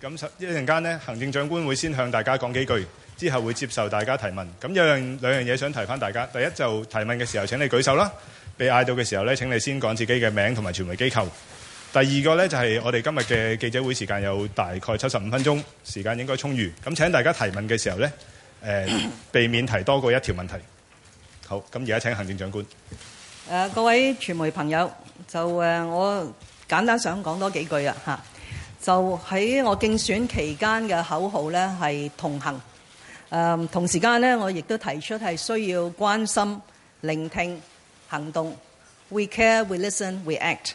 咁一陣間呢行政長官會先向大家講幾句，之後會接受大家提問。咁有樣兩樣嘢想提翻大家。第一就提問嘅時候，請你舉手啦。被嗌到嘅時候呢，請你先講自己嘅名同埋傳媒機構。第二個呢，就係我哋今日嘅記者會時間有大概七十五分鐘，時間應該充裕。咁請大家提問嘅時候呢，誒、呃、避免提多過一條問題。好，咁而家請行政長官。誒、呃、各位傳媒朋友，就誒、呃、我簡單想講多幾句啊嚇就喺我競選期間嘅口號咧，係同行。嗯，同時間呢，我亦都提出係需要關心、聆聽、行動。We care, we listen, we act。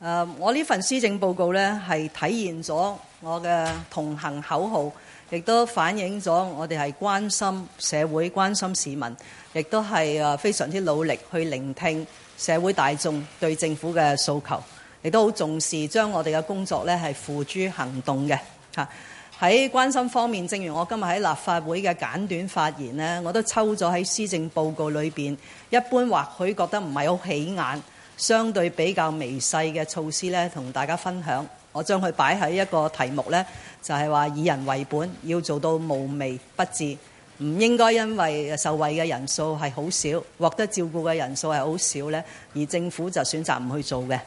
嗯，我呢份施政報告咧，係體現咗我嘅同行口號，亦都反映咗我哋係關心社會、關心市民，亦都係嗯非常之努力去聆聽社會大眾對政府嘅訴求。亦都好重視將我哋嘅工作咧係付諸行動嘅吓。喺關心方面，正如我今日喺立法會嘅簡短發言呢，我都抽咗喺施政報告裏邊。一般，或許覺得唔係好起眼、相對比較微細嘅措施咧，同大家分享。我將佢擺喺一個題目呢，就係話以人為本，要做到無微不至，唔應該因為受惠嘅人數係好少，獲得照顧嘅人數係好少呢，而政府就選擇唔去做嘅。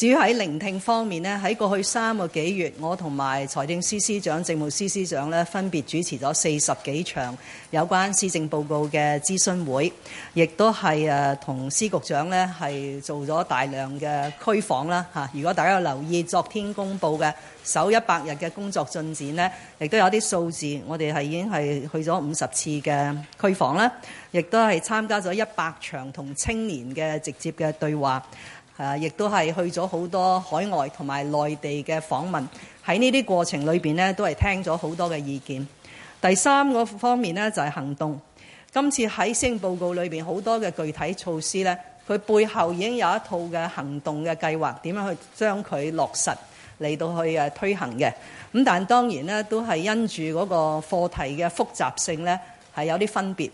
至於喺聆聽方面呢，喺過去三個幾月，我同埋財政司司長、政務司司長呢，分別主持咗四十幾場有關施政報告嘅諮詢會，亦都係誒同司局長呢係做咗大量嘅區訪啦吓。如果大家有留意昨天公佈嘅首一百日嘅工作進展呢，亦都有啲數字，我哋係已經係去咗五十次嘅區訪啦，亦都係參加咗一百場同青年嘅直接嘅對話。誒，亦都係去咗好多海外同埋內地嘅訪問，喺呢啲過程裏面，呢都係聽咗好多嘅意見。第三個方面呢，就係行動。今次喺施政報告裏面，好多嘅具體措施呢，佢背後已經有一套嘅行動嘅計劃，點樣去將佢落實嚟到去誒推行嘅。咁但當當然呢，都係因住嗰個課題嘅複雜性呢，係有啲分別。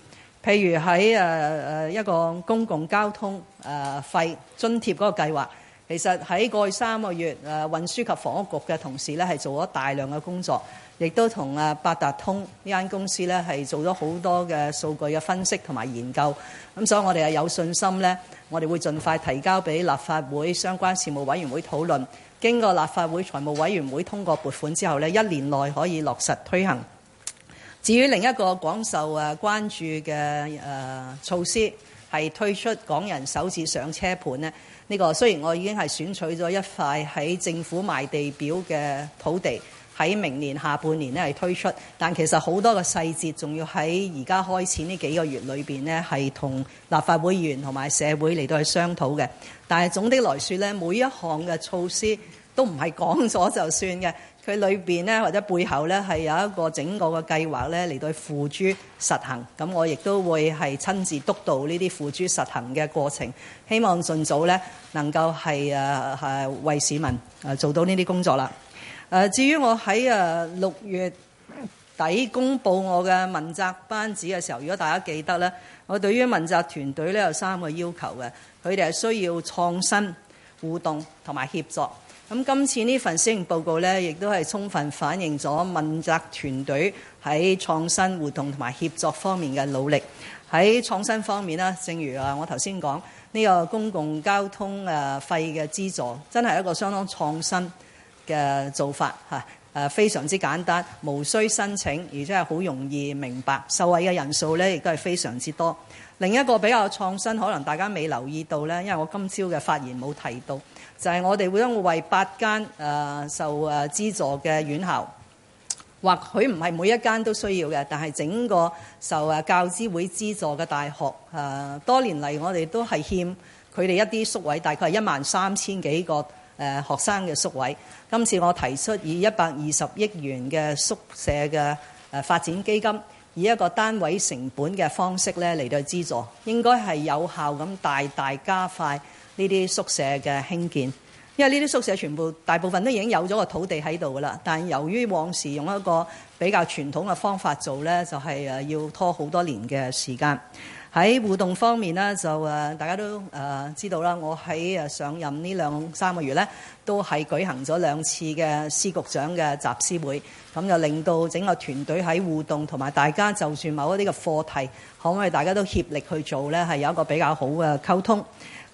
譬如喺誒誒一個公共交通誒費津貼嗰個計劃，其實喺過去三個月誒運輸及房屋局嘅同事咧係做咗大量嘅工作，亦都同啊八達通呢間公司咧係做咗好多嘅數據嘅分析同埋研究。咁所以我哋係有信心咧，我哋會盡快提交俾立法會相關事務委員會討論，經過立法會財務委員會通過撥款之後咧，一年內可以落實推行。至於另一個廣受誒關注嘅誒措施，係推出港人首次上車盤咧。呢、呢個雖然我已經係選取咗一塊喺政府賣地表嘅土地，喺明年下半年呢係推出，但其實好多個細節仲要喺而家開始呢幾個月裏邊呢係同立法會議員同埋社會嚟到去商討嘅。但係總的來說呢，每一項嘅措施都唔係講咗就算嘅。佢裏邊咧，或者背後咧，係有一個整個嘅計劃咧，嚟到付諸實行。咁我亦都會係親自督導呢啲付諸實行嘅過程。希望盡早咧能夠係誒係為市民誒做到呢啲工作啦。誒，至於我喺誒六月底公布我嘅問責班子嘅時候，如果大家記得咧，我對於問責團隊咧有三個要求嘅，佢哋係需要創新、互動同埋協作。咁今次呢份施政報告呢，亦都係充分反映咗問責團隊喺創新活動同埋協作方面嘅努力。喺創新方面啦，正如啊我頭先講，呢個公共交通誒費嘅資助真係一個相當創新嘅做法，非常之簡單，無需申請，而且係好容易明白。受惠嘅人數呢，亦都係非常之多。另一個比較創新，可能大家未留意到呢，因為我今朝嘅發言冇提到。就係、是、我哋會用為八間受誒資助嘅院校，或許唔係每一間都需要嘅，但係整個受教資會資助嘅大學誒，多年嚟我哋都係欠佢哋一啲宿位，大概係一萬三千幾個誒學生嘅宿位。今次我提出以一百二十億元嘅宿舍嘅誒發展基金，以一個單位成本嘅方式咧嚟到資助，應該係有效咁大大加快。呢啲宿舍嘅興建，因為呢啲宿舍全部大部分都已經有咗個土地喺度噶啦。但由於往時用一個比較傳統嘅方法做呢，就係誒要拖好多年嘅時間。喺互動方面呢，就誒大家都誒知道啦。我喺誒上任呢兩三個月呢，都係舉行咗兩次嘅司局長嘅集思會，咁就令到整個團隊喺互動同埋大家，就算某一啲嘅課題，可唔可以大家都協力去做呢？係有一個比較好嘅溝通。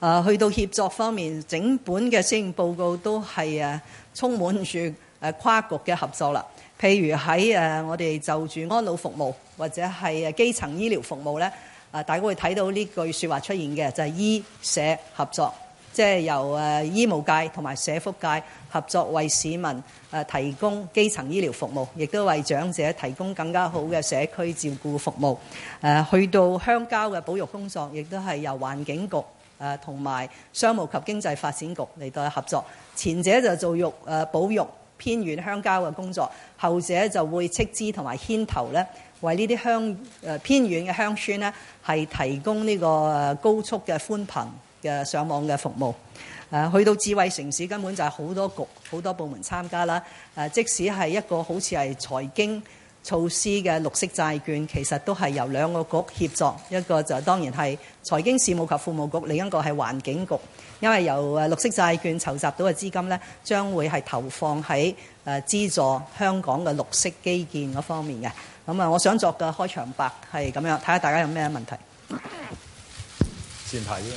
啊，去到協作方面，整本嘅施政報告都係誒充滿住跨局嘅合作啦。譬如喺誒我哋就住安老服務或者係誒基層醫療服務咧，大家會睇到呢句說話出現嘅就係醫社合作，即係由誒醫務界同埋社福界合作為市民誒提供基層醫療服務，亦都為長者提供更加好嘅社區照顧服務。誒去到鄉郊嘅保育工作，亦都係由環境局。誒同埋商務及經濟發展局嚟到合作，前者就做育誒保育偏遠鄉郊嘅工作，後者就會斥資同埋牽頭咧，為呢啲鄉誒偏遠嘅鄉村咧，係提供呢個高速嘅寬頻嘅上網嘅服務。誒去到智慧城市，根本就係好多局好多部門參加啦。誒即使係一個好似係財經措施嘅綠色債券其實都係由兩個局協作，一個就當然係財經事務及庫務局，另一個係環境局。因為由綠色債券籌集到嘅資金呢，將會係投放喺誒資助香港嘅綠色基建嗰方面嘅。咁啊，我想作嘅開場白係咁樣，睇下大家有咩問題。前排咧，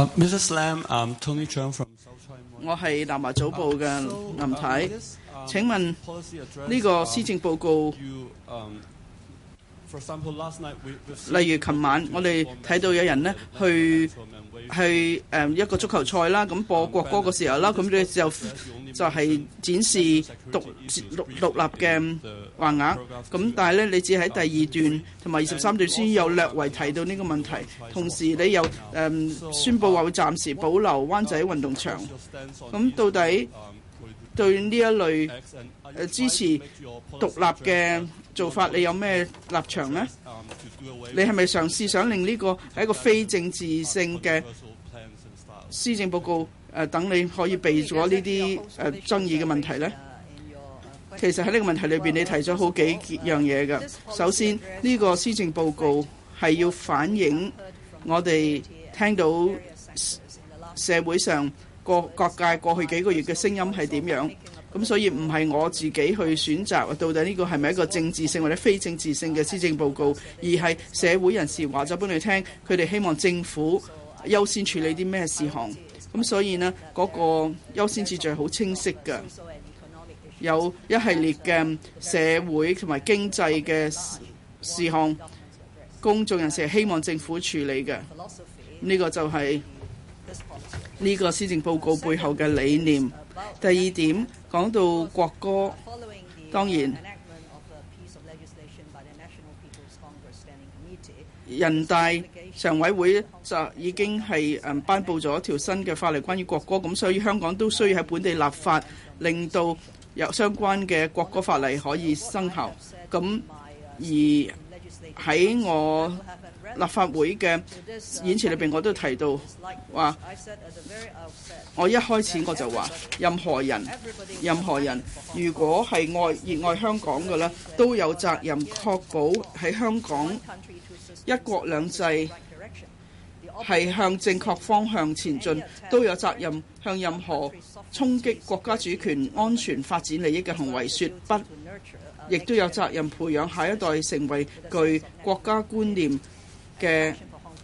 啊，Mrs. Lam, I'm Tony Chan from South China，我係南華早報嘅林太。請問呢個施政報告，例如琴晚我哋睇到有人呢去去誒一個足球賽啦，咁播國歌嘅時候啦，咁你就就係展示獨獨，獨立嘅橫額。咁但係呢，你只喺第二段同埋二十三段先有略為提到呢個問題，同時你又誒宣佈話會暫時保留灣仔運動場。咁到底，對呢一類支持獨立嘅做法，你有咩立場呢？你係咪嘗試想令呢個係一個非政治性嘅施政報告？等你可以避咗呢啲誒爭議嘅問題呢？其實喺呢個問題裏邊，你提咗好幾樣嘢㗎。首先，呢個施政報告係要反映我哋聽到社會上各界過去幾個月嘅聲音係點樣？咁所以唔係我自己去選擇到底呢個係咪一個政治性或者非政治性嘅施政報告，而係社會人士話咗俾你聽，佢哋希望政府優先處理啲咩事項。咁所以呢，嗰個優先次序好清晰㗎，有一系列嘅社會同埋經濟嘅事項，公眾人士係希望政府處理嘅。呢個就係、是，呢個施政報告背後嘅理念。第二點講到國歌，當然人大常委會就已經係誒，頒布咗一條新嘅法例，關於國歌，咁所以香港都需要喺本地立法，令到有相關嘅國歌法例可以生效。咁而喺我立法會嘅演辭裏邊，我都提到話，我一開始我就話，任何人、任何人，如果係愛熱愛香港嘅咧，都有責任確保喺香港一國兩制係向正確方向前進，都有責任向任何衝擊國家主權、安全、發展利益嘅行為說不，亦都有責任培養下一代成為具國家觀念嘅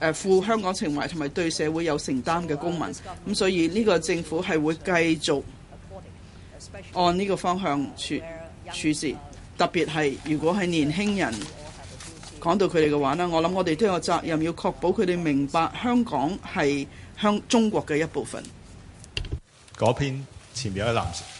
誒負香港情懷同埋對社會有承擔嘅公民，咁所以呢個政府係會繼續按呢個方向處處事，特別係如果係年輕人講到佢哋嘅話咧，我諗我哋都有責任要確保佢哋明白香港係香中國嘅一部分。嗰篇前面有個男士。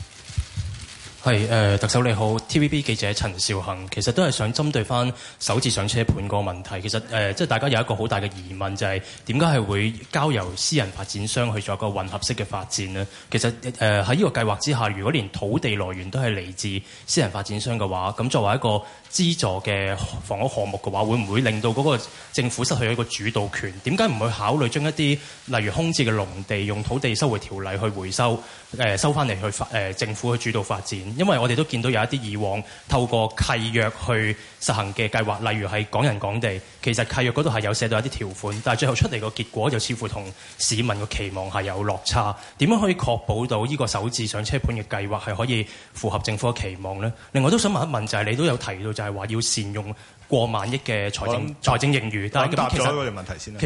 係誒，特首你好，TVB 記者陳兆恒。其實都係想針對翻首次上車盤個問題。其實誒，即係大家有一個好大嘅疑問，就係，就係點解係會交由私人發展商去做一個混合式嘅發展咧？其實誒喺呢個計劃之下，如果連土地來源都係嚟自私人發展商嘅話，咁作為一個資助嘅房屋項目嘅話，會唔會令到嗰個政府失去一個主導權？點解唔去考慮將一啲例如空置嘅農地，用土地收回條例去回收，誒收翻嚟去發誒、呃、政府去主導發展？因為我哋都見到有一啲以往透過契約去實行嘅計劃，例如係港人港地，其實契約嗰度係有寫到一啲條款，但係最後出嚟個結果就似乎同市民嘅期望係有落差。點樣可以確保到呢個首次上車盤嘅計劃係可以符合政府嘅期望咧？另外都想問一問就係、是、你都有提到就是。係話要善用過萬億嘅財政財政盈餘，但係咁其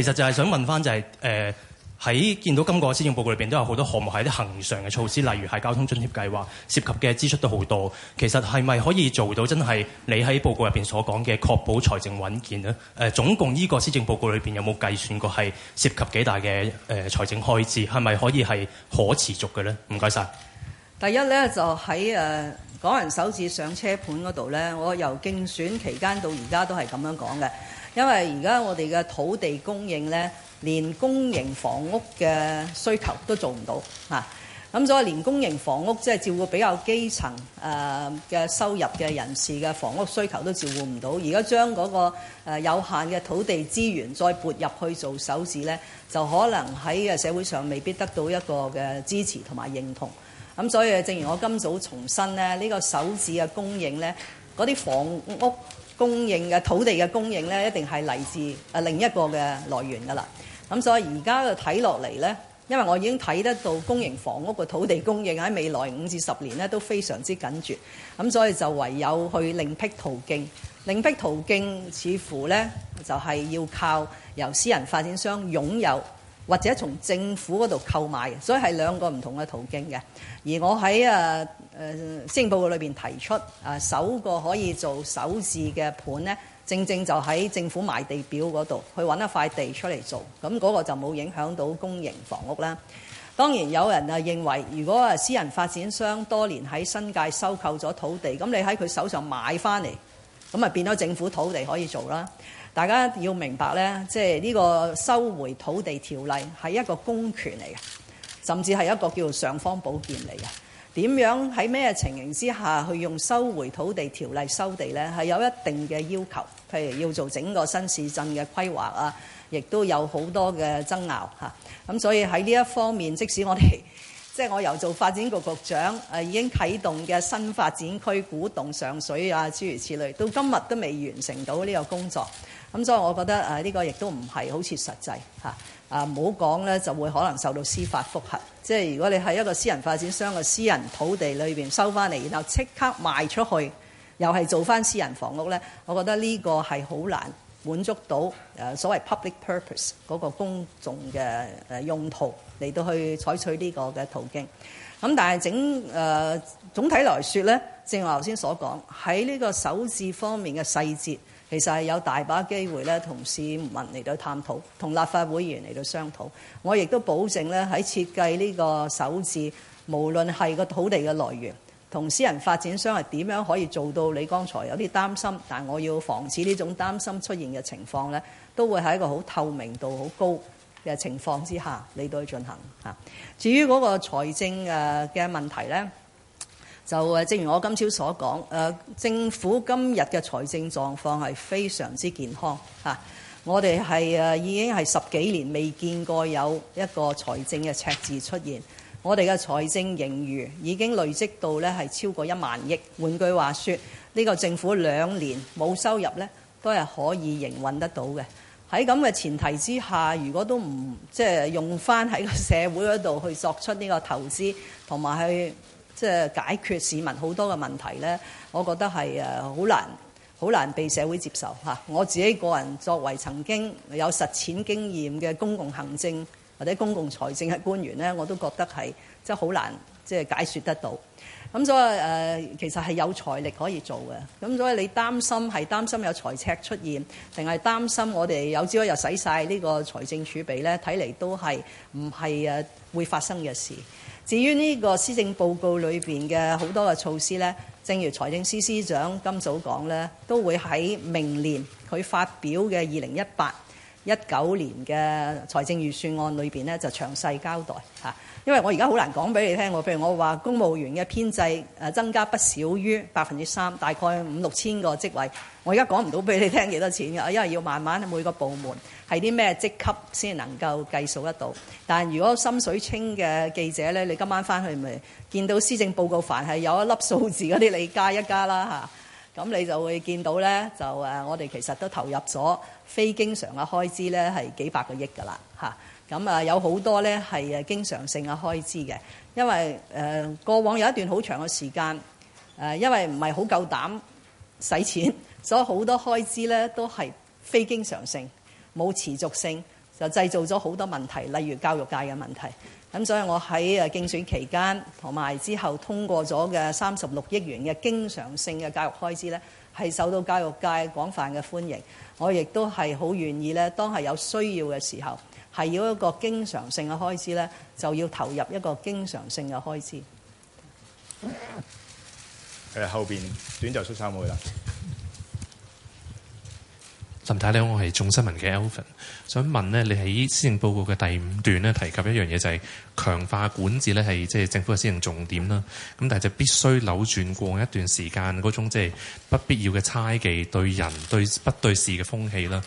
實就係想問翻、就是，就係誒喺見到今個施政報告裏邊都有好多項目係啲恒常嘅措施，例如係交通津貼計劃涉及嘅支出都好多。其實係咪可以做到真係你喺報告入邊所講嘅確保財政穩健咧？誒、呃、總共呢個施政報告裏邊有冇計算過係涉及幾大嘅誒、呃、財政開支係咪可以係可持續嘅咧？唔該晒。第一咧就喺、是、誒。Uh 港人首置上車盤嗰度呢，我由競選期間到而家都係咁樣講嘅，因為而家我哋嘅土地供應呢，連公營房屋嘅需求都做唔到嚇，咁、啊、所以連公營房屋即係、就是、照顧比較基層誒嘅收入嘅人士嘅房屋需求都照顧唔到，而家將嗰個有限嘅土地資源再撥入去做首置呢，就可能喺社會上未必得到一個嘅支持同埋認同。咁所以，正如我今早重申咧，呢、這個首置嘅供應呢，嗰啲房屋供應嘅土地嘅供應呢，一定係嚟自啊另一個嘅來源噶啦。咁所以而家睇落嚟呢，因為我已經睇得到公營房屋嘅土地供應喺未來五至十年呢都非常之緊絀。咁所以就唯有去另闢途徑，另闢途徑似乎呢就係要靠由私人發展商擁有。或者從政府嗰度購買，所以係兩個唔同嘅途徑嘅。而我喺誒誒啊啊、施政報告裏面提出，啊，首個可以做首置嘅盤呢，正正就喺政府賣地表嗰度去揾一塊地出嚟做，咁嗰個就冇影響到公營房屋啦。當然有人啊認為，如果啊私人發展商多年喺新界收購咗土地，咁你喺佢手上買翻嚟，咁啊變咗政府土地可以做啦。大家要明白咧，即係呢個收回土地條例係一個公權嚟嘅，甚至係一個叫做尚方寶劍嚟嘅。點樣喺咩情形之下去用收回土地條例收地呢？係有一定嘅要求，譬如要做整個新市鎮嘅規劃啊，亦都有好多嘅爭拗嚇。咁所以喺呢一方面，即使我哋即係我由做發展局局長，誒、啊、已經啟動嘅新發展區古洞上水啊，諸如此類，到今日都未完成到呢個工作。咁、啊、所以我覺得誒呢、啊這個亦都唔係好切實際嚇啊！唔好講呢就會可能受到司法覆核。即係如果你喺一個私人發展商嘅私人土地裏邊收翻嚟，然後即刻賣出去，又係做翻私人房屋呢，我覺得呢個係好難。滿足到所謂 public purpose 嗰個公眾嘅用途，嚟到去採取呢個嘅途徑。咁但係整誒、呃、總體來說呢，正如我頭先所講，喺呢個首置方面嘅細節，其實係有大把機會咧，同市民嚟到探討，同立法會議員嚟到商討。我亦都保證咧，喺設計呢個首置，無論係個土地嘅來源。同私人發展商係點樣可以做到？你剛才有啲擔心，但係我要防止呢種擔心出現嘅情況呢，都會喺一個好透明度好高嘅情況之下，你都去進行吓。至於嗰個財政嘅問題呢，就誒正如我今朝所講，誒政府今日嘅財政狀況係非常之健康吓。我哋係誒已經係十幾年未見過有一個財政嘅赤字出現。我哋嘅財政盈餘已經累積到咧係超過一萬億。換句話說，呢個政府兩年冇收入咧，都係可以營運得到嘅。喺咁嘅前提之下，如果都唔即係用翻喺個社會嗰度去作出呢個投資，同埋去即係解決市民好多嘅問題咧，我覺得係誒好難好難被社會接受嚇。我自己個人作為曾經有實踐經驗嘅公共行政。或者公共財政嘅官員呢，我都覺得係真係好難即係解説得到。咁所以誒，呃，其實係有財力可以做嘅。咁所以你擔心係擔心有財赤出現，定係擔心我哋有朝一日使晒呢個財政儲備呢？睇嚟都係唔係誒會發生嘅事。至於呢個施政報告裏邊嘅好多嘅措施呢，正如財政司司長今早講呢，都會喺明年佢發表嘅二零一八。一九年嘅財政預算案裏面咧，就詳細交代嚇。因為我而家好難講俾你聽喎。譬如我話公務員嘅編制誒增加不少於百分之三，大概五六千個職位。我而家講唔到俾你聽幾多錢嘅，因為要慢慢每個部門係啲咩職級先能夠計數得到。但如果心水清嘅記者呢，你今晚翻去咪見到施政報告，凡係有一粒數字嗰啲，你加一加啦嚇。咁你就會見到呢，就我哋其實都投入咗非經常嘅開支呢，係幾百個億噶啦嚇。咁啊，有好多呢係誒經常性嘅開支嘅，因為誒、呃、過往有一段好長嘅時間誒，因為唔係好夠膽使錢，所以好多開支呢都係非經常性、冇持續性，就製造咗好多問題，例如教育界嘅問題。咁所以，我喺誒競選期間同埋之後通過咗嘅三十六億元嘅經常性嘅教育開支呢係受到教育界廣泛嘅歡迎。我亦都係好願意呢，當係有需要嘅時候，係要一個經常性嘅開支呢就要投入一個經常性嘅開支。誒，後邊短袖恤衫會啦。林太咧，我係眾新聞嘅 Alvin，想問咧，你喺施政報告嘅第五段咧提及一樣嘢，就係強化管治咧，係即係政府嘅施政重點啦。咁但係就必須扭轉過一段時間嗰種即係不必要嘅猜忌對人對不對事嘅風氣啦。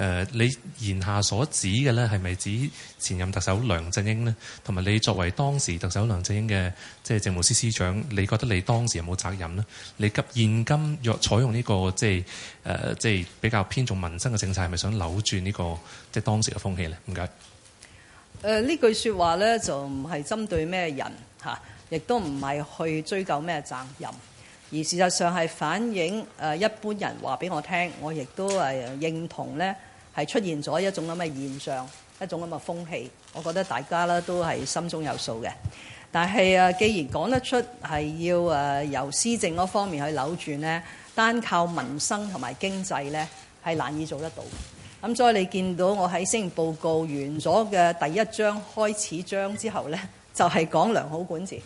誒，你言下所指嘅咧，係咪指前任特首梁振英呢？同埋你作為當時特首梁振英嘅即係政務司司長，你覺得你當時有冇責任呢？你今現今若採用呢個即係誒即係比較偏重民生嘅政策，係咪想扭轉呢個即係當時嘅風氣呢？唔該。誒、呃，呢句説話咧，就唔係針對咩人嚇，亦都唔係去追究咩責任，而事實上係反映誒一般人話俾我聽，我亦都係認同咧。係出現咗一種咁嘅現象，一種咁嘅風氣，我覺得大家咧都係心中有數嘅。但係啊，既然講得出係要誒由施政嗰方面去扭轉咧，單靠民生同埋經濟呢係難以做得到。咁所以你見到我喺聲明報告完咗嘅第一章開始章之後呢，就係講良好管治。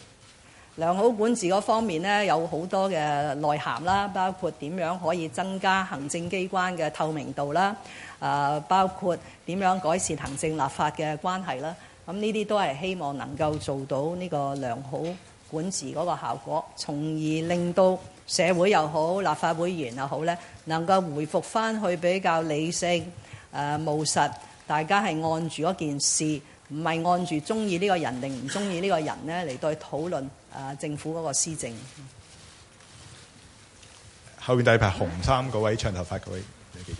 良好管治嗰方面呢，有好多嘅內涵啦，包括點樣可以增加行政機關嘅透明度啦。誒包括點樣改善行政立法嘅關係啦，咁呢啲都係希望能夠做到呢個良好管治嗰個效果，從而令到社會又好，立法會員又好呢，能夠回復翻去比較理性、誒務實，大家係按住嗰件事，唔係按住中意呢個人定唔中意呢個人呢嚟對討論誒政府嗰個施政。後面第一排紅衫嗰位長頭髮嗰位。你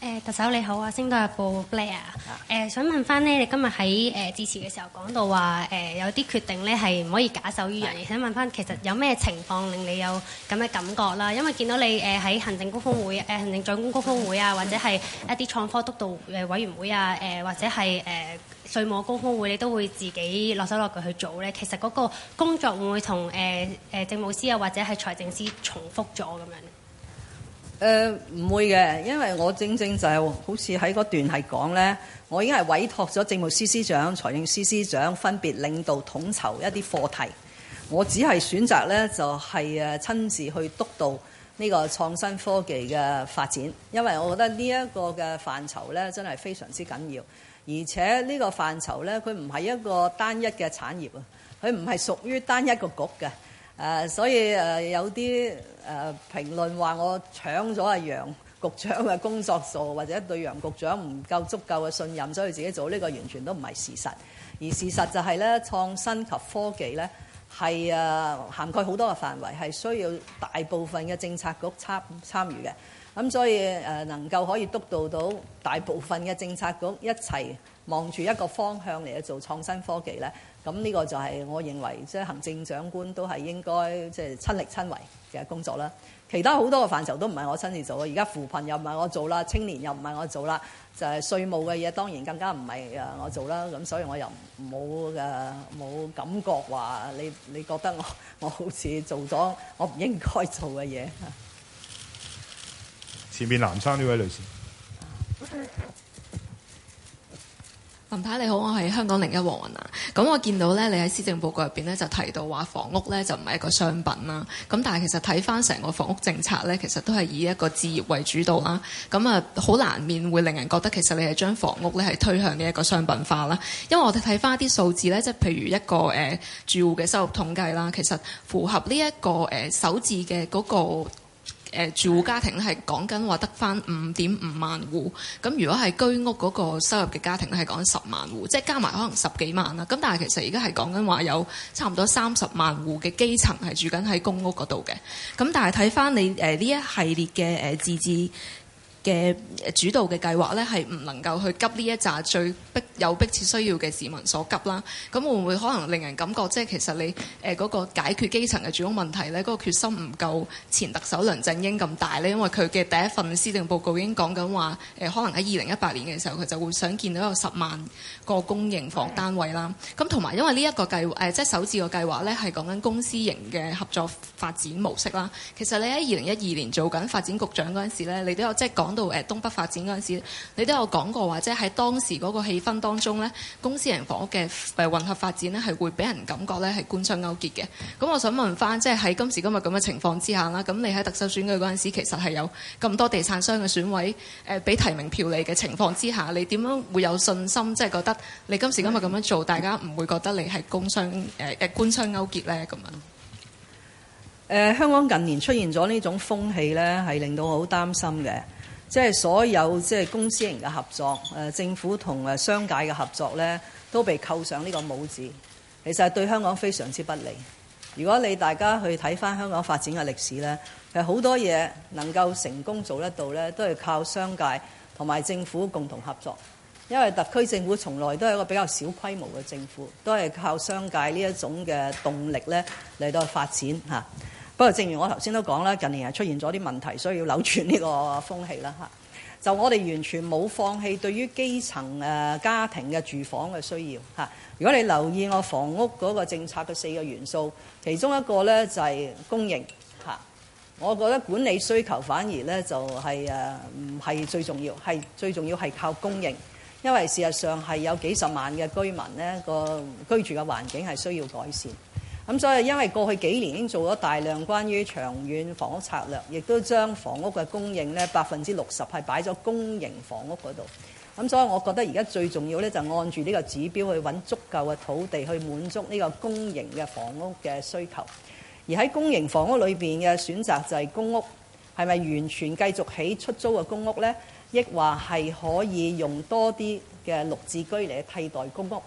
誒特首你好啊，星島日報 Blair 啊，誒想問翻咧，你今日喺誒致辭嘅時候講到話誒、呃、有啲決定咧係唔可以假手於人，而想問翻其實有咩情況令你有咁嘅感覺啦？因為見到你誒喺行政高峯會、誒行政長官高峯會啊，或者係一啲創科督導誒委員會啊，誒、呃、或者係誒稅務高峯會，你都會自己落手落腳去做咧。其實嗰個工作會唔會同誒誒政務司啊或者係財政司重複咗咁樣？誒、呃、唔會嘅，因為我正正就係、是、好似喺嗰段係講呢。我已經係委託咗政務司司長、財政司司長分別領導統籌一啲課題。我只係選擇呢，就係誒親自去督導呢個創新科技嘅發展，因為我覺得呢一個嘅範疇呢真係非常之緊要，而且呢個範疇呢，佢唔係一個單一嘅產業啊，佢唔係屬於單一個局嘅誒、呃，所以誒、呃、有啲誒，評論話我搶咗阿楊局長嘅工作做，或者對楊局長唔夠足夠嘅信任，所以自己做呢個，完全都唔係事實。而事實就係咧，創新及科技咧係誒涵蓋好多嘅範圍，係需要大部分嘅政策局參參與嘅。咁所以誒能夠可以督導到大部分嘅政策局一齊望住一個方向嚟去做創新科技咧，咁呢個就係我認為即係行政長官都係應該即係親力親為嘅工作啦，其他好多嘅範疇都唔係我親自做嘅，而家扶貧又唔係我做啦，青年又唔係我做啦，就係稅務嘅嘢當然更加唔係誒我做啦，咁所以我又冇誒冇感覺話，你你覺得我我好似做咗我唔應該做嘅嘢。前面南昌呢位女士。Okay. 林太，你好，我係香港另一黃雲啊。咁我見到咧，你喺施政報告入面咧就提到話房屋咧就唔係一個商品啦。咁但係其實睇翻成個房屋政策咧，其實都係以一個置業為主導啦。咁啊，好難免會令人覺得其實你係將房屋咧係推向呢一個商品化啦。因為我哋睇翻啲數字咧，即譬如一個誒住戶嘅收入統計啦，其實符合呢一個誒首置嘅嗰個。誒住戶家庭咧係講緊話得返五點五萬戶，咁如果係居屋嗰個收入嘅家庭咧係講十萬戶，即係加埋可能十幾萬啦。咁但係其實而家係講緊話有差唔多三十萬戶嘅基層係住緊喺公屋嗰度嘅，咁但係睇返你誒呢一系列嘅誒資資。嘅主導嘅計劃呢，係唔能夠去急呢一扎最逼有迫切需要嘅市民所急啦。咁會唔會可能令人感覺即係其實你誒嗰、呃嗰個解決基層嘅住房問題呢，嗰、嗰個決心唔夠前特首梁振英咁大呢？因為佢嘅第一份施政報告已經講緊話誒，可能喺二零一八年嘅時候，佢就會想見到有十萬個公營房單位啦。咁同埋因為呢一個計劃、呃、即係首置嘅計劃呢，係講緊公私型嘅合作發展模式啦。其實你喺二零一二年做緊發展局長嗰陣時咧，你都有即係講。講到誒東北發展嗰陣時，你都有講過，或者喺當時嗰個氣氛當中呢，公私人房屋嘅誒混合發展呢，係會俾人感覺呢係官商勾結嘅。咁我想問翻，即係喺今時今日咁嘅情況之下啦，咁你喺特首選舉嗰陣時，其實係有咁多地產商嘅選委誒俾、呃、提名票你嘅情況之下，你點樣會有信心，即、就、係、是、覺得你今時今日咁樣做，大家唔會覺得你係官商誒誒、呃、官商勾結呢？咁啊？誒、呃，香港近年出現咗呢種風氣呢，係令到我好擔心嘅。即係所有即係公司型嘅合作，誒政府同誒商界嘅合作呢，都被扣上呢個帽子，其實對香港非常之不利。如果你大家去睇翻香港發展嘅歷史呢，係好多嘢能夠成功做得到呢，都係靠商界同埋政府共同合作。因為特區政府從來都係一個比較小規模嘅政府，都係靠商界呢一種嘅動力呢嚟到發展吓。不過，正如我頭先都講啦，近年係出現咗啲問題，所以要扭轉呢個風氣啦吓。就我哋完全冇放棄對於基層誒家庭嘅住房嘅需要吓。如果你留意我房屋嗰個政策嘅四個元素，其中一個呢就係供應吓。我覺得管理需求反而呢就係誒唔係最重要，係最重要係靠供應，因為事實上係有幾十萬嘅居民呢個居住嘅環境係需要改善。咁所以因為過去幾年已經做咗大量關於長遠房屋策略，亦都將房屋嘅供應咧百分之六十係擺咗公營房屋嗰度。咁所以我覺得而家最重要咧就按住呢個指標去揾足夠嘅土地去滿足呢個公營嘅房屋嘅需求。而喺公營房屋裏邊嘅選擇，就係公屋，係咪完全繼續起出租嘅公屋咧？亦或係可以用多啲嘅綠置居嚟替代公屋？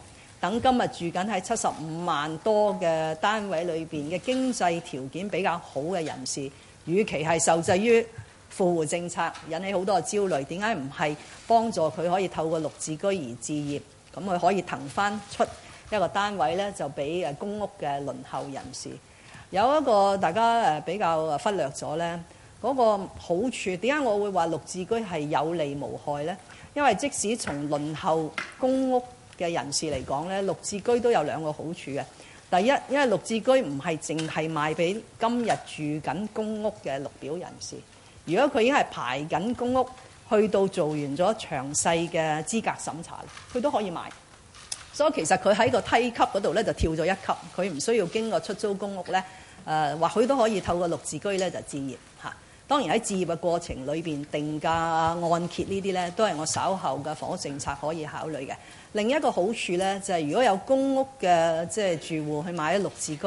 等今日住緊喺七十五萬多嘅單位裏面嘅經濟條件比較好嘅人士，與其係受制於富戶政策引起好多嘅焦慮，點解唔係幫助佢可以透過綠置居而置業，咁、嗯、佢可以騰翻出一個單位呢，就俾公屋嘅輪候人士？有一個大家比較忽略咗呢嗰個好處，點解我會話綠置居係有利無害呢？因為即使從輪候公屋嘅人士嚟講咧，綠置居都有兩個好處嘅。第一，因為綠置居唔係淨係賣俾今日住緊公屋嘅綠表人士。如果佢已經係排緊公屋，去到做完咗詳細嘅資格審查，佢都可以買。所以其實佢喺個梯級嗰度咧就跳咗一級，佢唔需要經過出租公屋咧。誒、呃，或許都可以透過綠置居咧就置業嚇。當然喺置業嘅過程裏邊，定價、按揭呢啲咧都係我稍後嘅房屋政策可以考慮嘅。另一個好處咧，就係如果有公屋嘅即係住戶去買咗綠置居，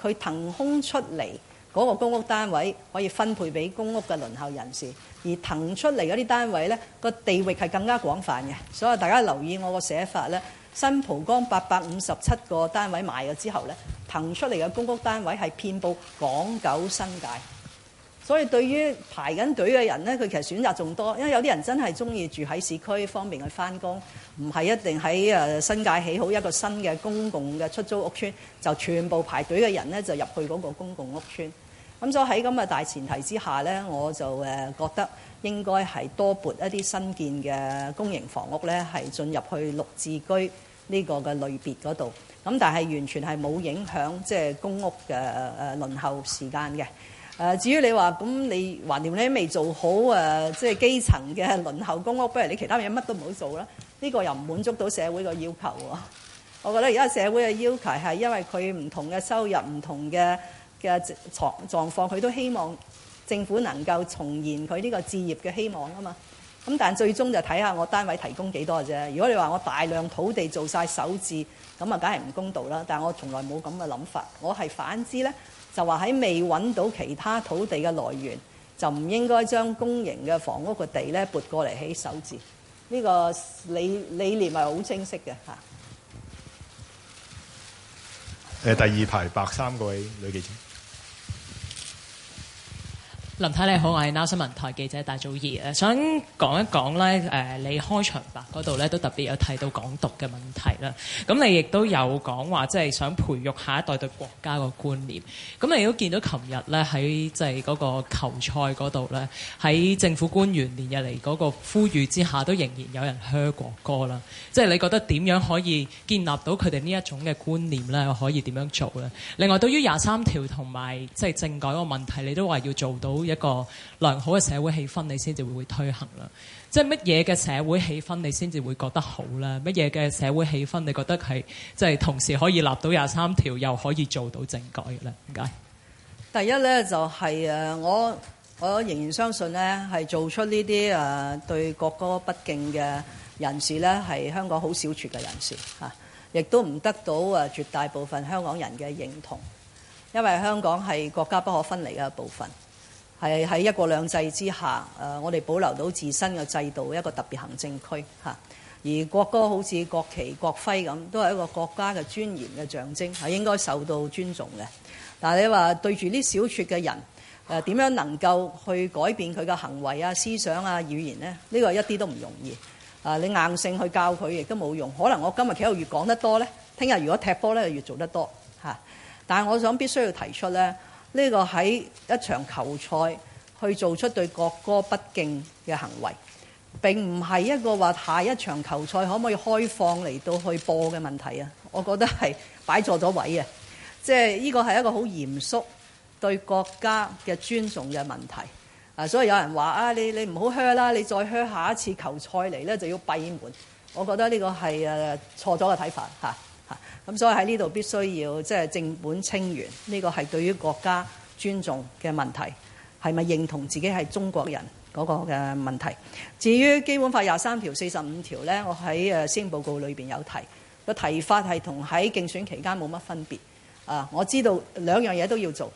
佢騰空出嚟嗰個公屋單位可以分配俾公屋嘅輪候人士，而騰出嚟嗰啲單位咧，個地域係更加廣泛嘅。所以大家留意我個寫法咧，新蒲崗八百五十七個單位賣咗之後咧，騰出嚟嘅公屋單位係遍佈港九新界。所以對於排緊隊嘅人呢，佢其實選擇仲多，因為有啲人真係中意住喺市區，方便去翻工，唔係一定喺新界起好一個新嘅公共嘅出租屋邨，就全部排隊嘅人呢就入去嗰個公共屋邨。咁所以喺咁嘅大前提之下呢，我就誒覺得應該係多撥一啲新建嘅公營房屋呢係進入去綠置居呢個嘅類別嗰度。咁但係完全係冇影響，即係公屋嘅誒輪候時間嘅。誒，至於你話咁，你，你還掂你未做好即係、啊就是、基層嘅輪候公屋，不如你其他嘢乜都唔好做啦。呢、呢個又唔滿足到社會嘅要求喎。我覺得而家社會嘅要求係因為佢唔同嘅收入、唔同嘅嘅狀狀況，佢都希望政府能夠重現佢呢個置業嘅希望啊嘛。咁但係最終就睇下我單位提供幾多啫。如果你話我大量土地做晒首置，咁啊梗係唔公道啦。但我從來冇咁嘅諗法，我係反之呢。就話喺未揾到其他土地嘅來源，就唔應該將公營嘅房屋嘅地咧撥過嚟起首置。呢、這個理理念係好清晰嘅嚇。誒，第二排白衫嗰位女記者。林太，太你好，我係 Now 新聞台記者戴祖儀。想講一講咧，誒、呃、你開場白嗰度咧都特別有提到港獨嘅問題啦。咁你亦都有講話，即係想培育下一代對國家嘅觀念。咁你都見到琴日咧喺即係嗰個球賽嗰度咧，喺政府官員連日嚟嗰個呼籲之下，都仍然有人噓國歌啦。即係你覺得點樣可以建立到佢哋呢一種嘅觀念咧？可以點樣做咧？另外對於廿三條同埋即係政改個問題，你都話要做到。一個良好嘅社會氣氛，你先至會推行啦。即係乜嘢嘅社會氣氛，你先至會覺得好咧？乜嘢嘅社會氣氛，你覺得係即係同時可以立到廿三條，又可以做到政改咧？唔該。第一咧，就係、是、誒，我我仍然相信呢，係做出呢啲誒對國歌不敬嘅人士呢係香港好少數嘅人士嚇，亦、啊、都唔得到誒絕大部分香港人嘅認同，因為香港係國家不可分離嘅一部分。係喺一國兩制之下，誒，我哋保留到自身嘅制度一個特別行政區吓。而國歌好似國旗國徽咁，都係一個國家嘅尊嚴嘅象徵，係應該受到尊重嘅。嗱，你話對住呢小撮嘅人，誒點樣能夠去改變佢嘅行為啊、思想啊、語言呢？呢個一啲都唔容易。你硬性去教佢亦都冇用。可能我今日企度越講得多呢，聽日如果踢波咧，就越做得多。但我想必須要提出呢。呢個喺一場球賽去做出對國歌不敬嘅行為，並唔係一個話下一場球賽可唔可以開放嚟到去播嘅問題啊！我覺得係擺錯咗位啊！即係呢個係一個好嚴肅對國家嘅尊重嘅問題啊！所以有人話啊，你你唔好靴啦，你再靴下一次球賽嚟呢，就要閉門。我覺得呢個係誒錯咗嘅睇法嚇。咁所以喺呢度必須要即係正本清源，呢個係對於國家尊重嘅問題，係咪認同自己係中國人嗰個嘅問題。至於基本法廿三條四十五條咧，我喺誒施政報告裏邊有提個提法，係同喺競選期間冇乜分別啊。我知道兩樣嘢都要做，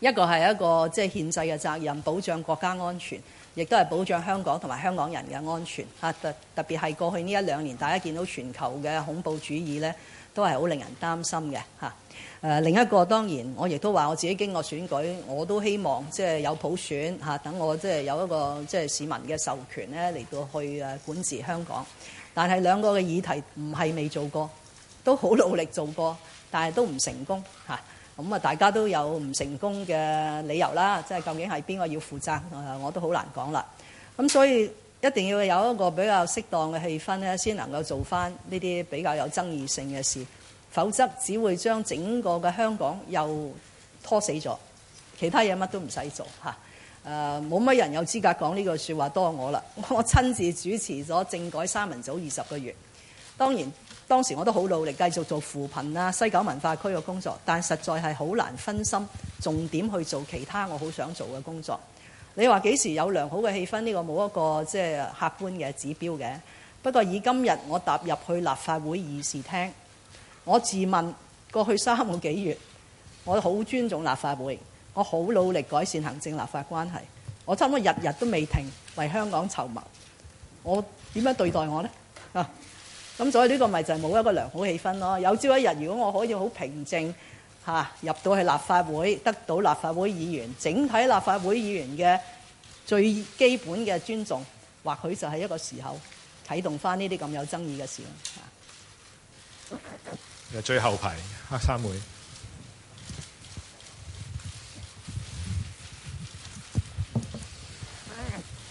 一個，係一個即係憲制嘅責任，保障國家安全，亦都係保障香港同埋香港人嘅安全嚇。特特別係過去呢一兩年，大家見到全球嘅恐怖主義咧，都係好令人擔心嘅嚇。誒、啊、另一個當然，我亦都話我自己經過選舉，我都希望即係、就是、有普選嚇、啊，等我即係、就是、有一個即係、就是、市民嘅授權咧嚟到去誒管治香港。但係兩個嘅議題唔係未做過，都好努力做過，但係都唔成功嚇。咁啊、嗯，大家都有唔成功嘅理由啦。即係、就是、究竟係邊個要負責、啊，我都好難講啦。咁所以，一定要有一個比較適當嘅氣氛咧，先能夠做翻呢啲比較有爭議性嘅事，否則只會將整個嘅香港又拖死咗。其他嘢乜都唔使做嚇，誒冇乜人有資格講呢個說話多我啦。我親自主持咗政改三人組二十個月，當然當時我都好努力繼續做扶貧啊、西九文化區嘅工作，但實在係好難分心，重點去做其他我好想做嘅工作。你話幾時有良好嘅氣氛？呢個冇一個即係客觀嘅指標嘅。不過以今日我踏入去立法會議事廳，我自問過去三個幾月，我好尊重立法會，我好努力改善行政立法關係，我差唔多日日都未停為香港籌謀。我點樣對待我呢？啊，咁所以呢個咪就係冇一個良好氣氛咯。有朝一日如果我可以好平靜。嚇入到去立法會，得到立法會議員，整體立法會議員嘅最基本嘅尊重，或許就係一個時候啟動翻呢啲咁有爭議嘅事啦。啊，最後排黑衫妹，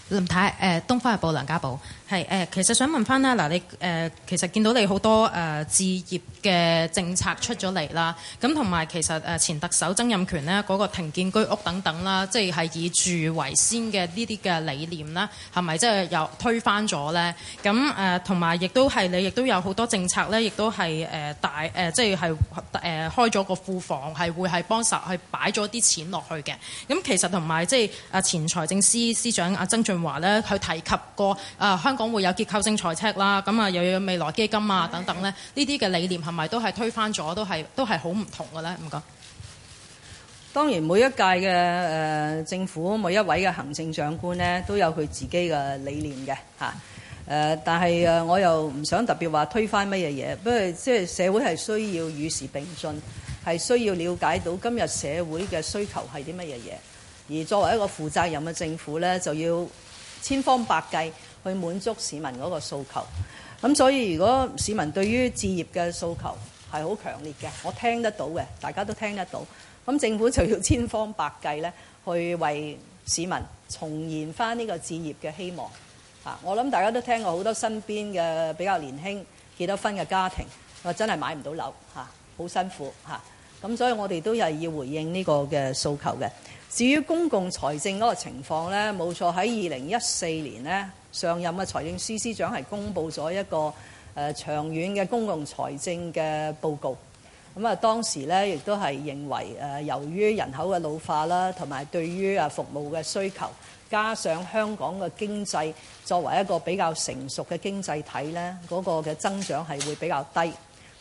林太、誒，《東方日報》梁家寶。係誒、呃，其實想問翻啦，嗱你誒、呃，其實見到你好多誒、呃、置業嘅政策出咗嚟啦，咁同埋其實誒、呃、前特首曾蔭權呢嗰、嗰個停建居屋等等啦，即係係以住為先嘅呢啲嘅理念啦，係咪即係又推翻咗咧？咁誒同埋亦都係你亦都有好多政策咧，亦都係誒、呃、大誒，即係係誒開咗個庫房，係會係幫手去擺咗啲錢落去嘅。咁其實同埋即係阿前財政司司，司長阿曾俊華咧，佢提及過誒、呃、香。講會有結構性財赤啦，咁啊又有未來基金啊等等咧，呢啲嘅理念係咪都係推翻咗？都係都係好唔同嘅呢？唔該。當然每一屆嘅誒政府每一位嘅行政長官呢，都有佢自己嘅理念嘅嚇誒，但係啊、呃，我又唔想特別話推翻乜嘢嘢，因為即係社會係需要與時並進，係需要了解到今日社會嘅需求係啲乜嘢嘢，而作為一個負責任嘅政府呢，就要千方百計。去滿足市民嗰個訴求，咁所以如果市民對於置業嘅訴求係好強烈嘅，我聽得到嘅，大家都聽得到，咁政府就要千方百計咧，去為市民重燃翻呢個置業嘅希望嚇。我諗大家都聽過好多身邊嘅比較年輕結咗婚嘅家庭，我真係買唔到樓嚇，好辛苦嚇，咁所以我哋都係要回應呢個嘅訴求嘅。至於公共財政嗰個情況呢，冇錯喺二零一四年呢。上任嘅財政司司長係公佈咗一個誒長遠嘅公共財政嘅報告，咁啊當時咧亦都係認為誒由於人口嘅老化啦，同埋對於啊服務嘅需求，加上香港嘅經濟作為一個比較成熟嘅經濟體咧，嗰個嘅增長係會比較低，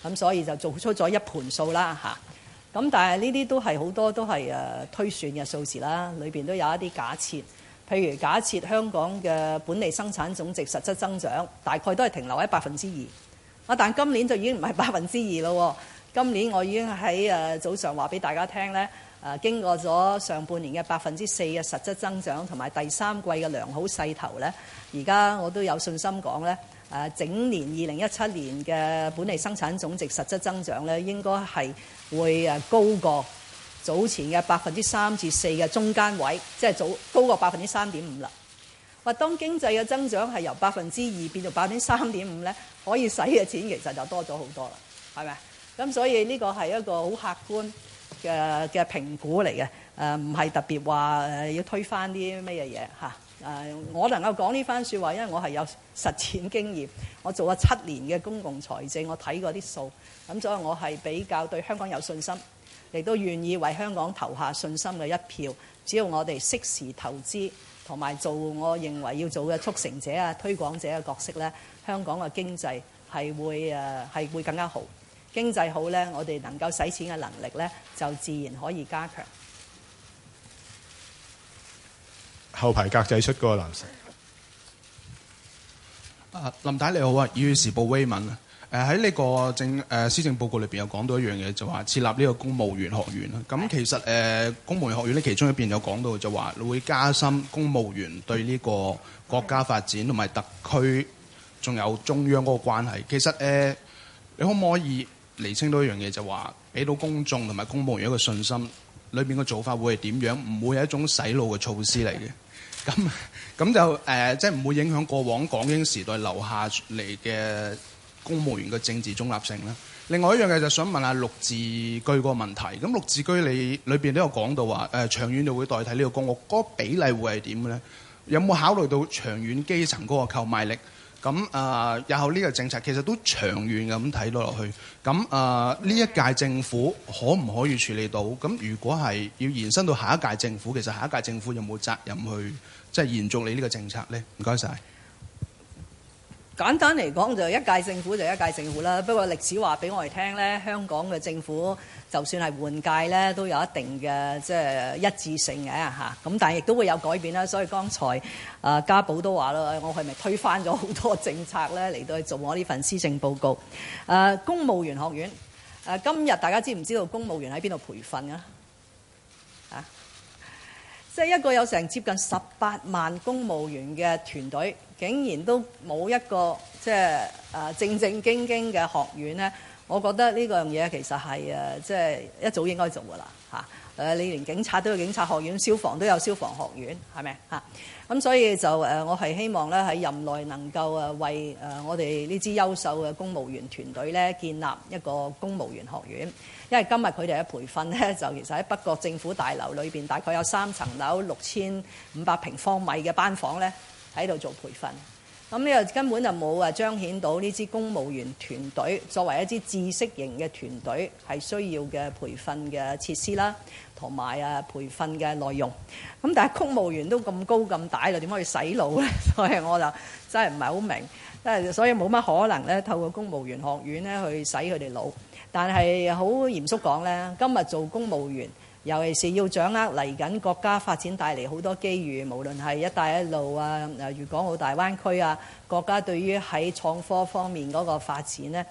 咁所以就做出咗一盤數啦嚇。咁但係呢啲都係好多都係誒推算嘅數字啦，裏邊都有一啲假設。譬如假設香港嘅本地生產總值實質增長，大概都係停留喺百分之二。啊，但今年就已經唔係百分之二咯。了今年我已經喺誒早上話俾大家聽咧，誒經過咗上半年嘅百分之四嘅實質增長，同埋第三季嘅良好勢頭咧，而家我都有信心講咧，誒整年二零一七年嘅本地生產總值實質增長咧，應該係會誒高過早前嘅百分之三至四嘅中間位，即係早高過百分之三點五啦。話當經濟嘅增長係由百分之二變到百分之三點五呢，可以使嘅錢其實就多咗好多啦，係咪？咁所以呢個係一個好客觀嘅嘅評估嚟嘅。誒，唔係特別話要推翻啲咩嘢嘢嚇。誒，我能夠講呢番説話，因為我係有實踐經驗，我做咗七年嘅公共財政，我睇過啲數，咁所以我係比較對香港有信心。亦都願意為香港投下信心嘅一票。只要我哋適時投資同埋做我認為要做嘅促成者啊、推廣者嘅角色咧，香港嘅經濟係會誒係會更加好。經濟好咧，我哋能夠使錢嘅能力咧，就自然可以加強。後排格仔出個男神，啊，林太你好啊，於是報威文啊。誒喺呢個政誒施、啊、政報告裏邊有講到一樣嘢，就話設立呢個公務員學院。咁其實誒、呃、公務員學院咧，其中一邊有講到就話會加深公務員對呢個國家發展同埋特區，仲有中央嗰個關係。其實誒、呃，你可唔可以釐清到一樣嘢，就話俾到公眾同埋公務員一個信心？裏邊嘅做法會係點樣？唔會係一種洗腦嘅措施嚟嘅。咁咁就誒，即係唔會影響過往港英時代留下嚟嘅。公務員嘅政治中立性啦，另外一樣嘢就想問下綠置居個問題。咁綠置居你裏邊都有講到話，誒、呃、長遠會代替呢個公屋，嗰、那個、比例會係點嘅咧？有冇考慮到長遠基層嗰個購買力？咁啊，然、呃、後呢個政策其實都長遠咁睇落落去。咁啊，呢、呃、一屆政府可唔可以處理到？咁如果係要延伸到下一屆政府，其實下一屆政府有冇責任去即係、就是、延續你呢個政策咧？唔該晒。簡單嚟講就一屆政府就一屆政府啦。不過歷史話俾我哋聽咧，香港嘅政府就算係換屆咧，都有一定嘅即係一致性嘅吓。咁但亦都會有改變啦。所以剛才啊家寶都話啦，我係咪推翻咗好多政策咧嚟到去做我呢份施政報告？誒，公務員學院，誒，今日大家知唔知道公務員喺邊度培訓㗎？即係一個有成接近十八萬公務員嘅團隊，竟然都冇一個即係誒正正經經嘅學院呢，我覺得呢個樣嘢其實係誒即係一早應該做㗎啦嚇，誒，你連警察都有警察學院，消防都有消防學院，係咪嚇？咁所以就誒，我係希望咧喺任內能夠誒為誒我哋呢支優秀嘅公務員團隊咧建立一個公務員學院。因為今日佢哋嘅培訓呢，就其實喺北角政府大樓裏邊，大概有三層樓六千五百平方米嘅班房呢，喺度做培訓。咁呢個根本就冇啊彰顯到呢支公務員團隊作為一支知識型嘅團隊係需要嘅培訓嘅設施啦，同埋啊培訓嘅內容。咁但係公務員都咁高咁大，又點可以洗腦呢？所以我就真係唔係好明，即係所以冇乜可能呢，透過公務員學院呢去洗佢哋腦。但係好嚴肅講咧，今日做公務員，尤其是要掌握嚟緊國家發展帶嚟好多機遇，無論係一帶一路啊、誒粵港澳大灣區啊，國家對於喺創科方面嗰個發展咧，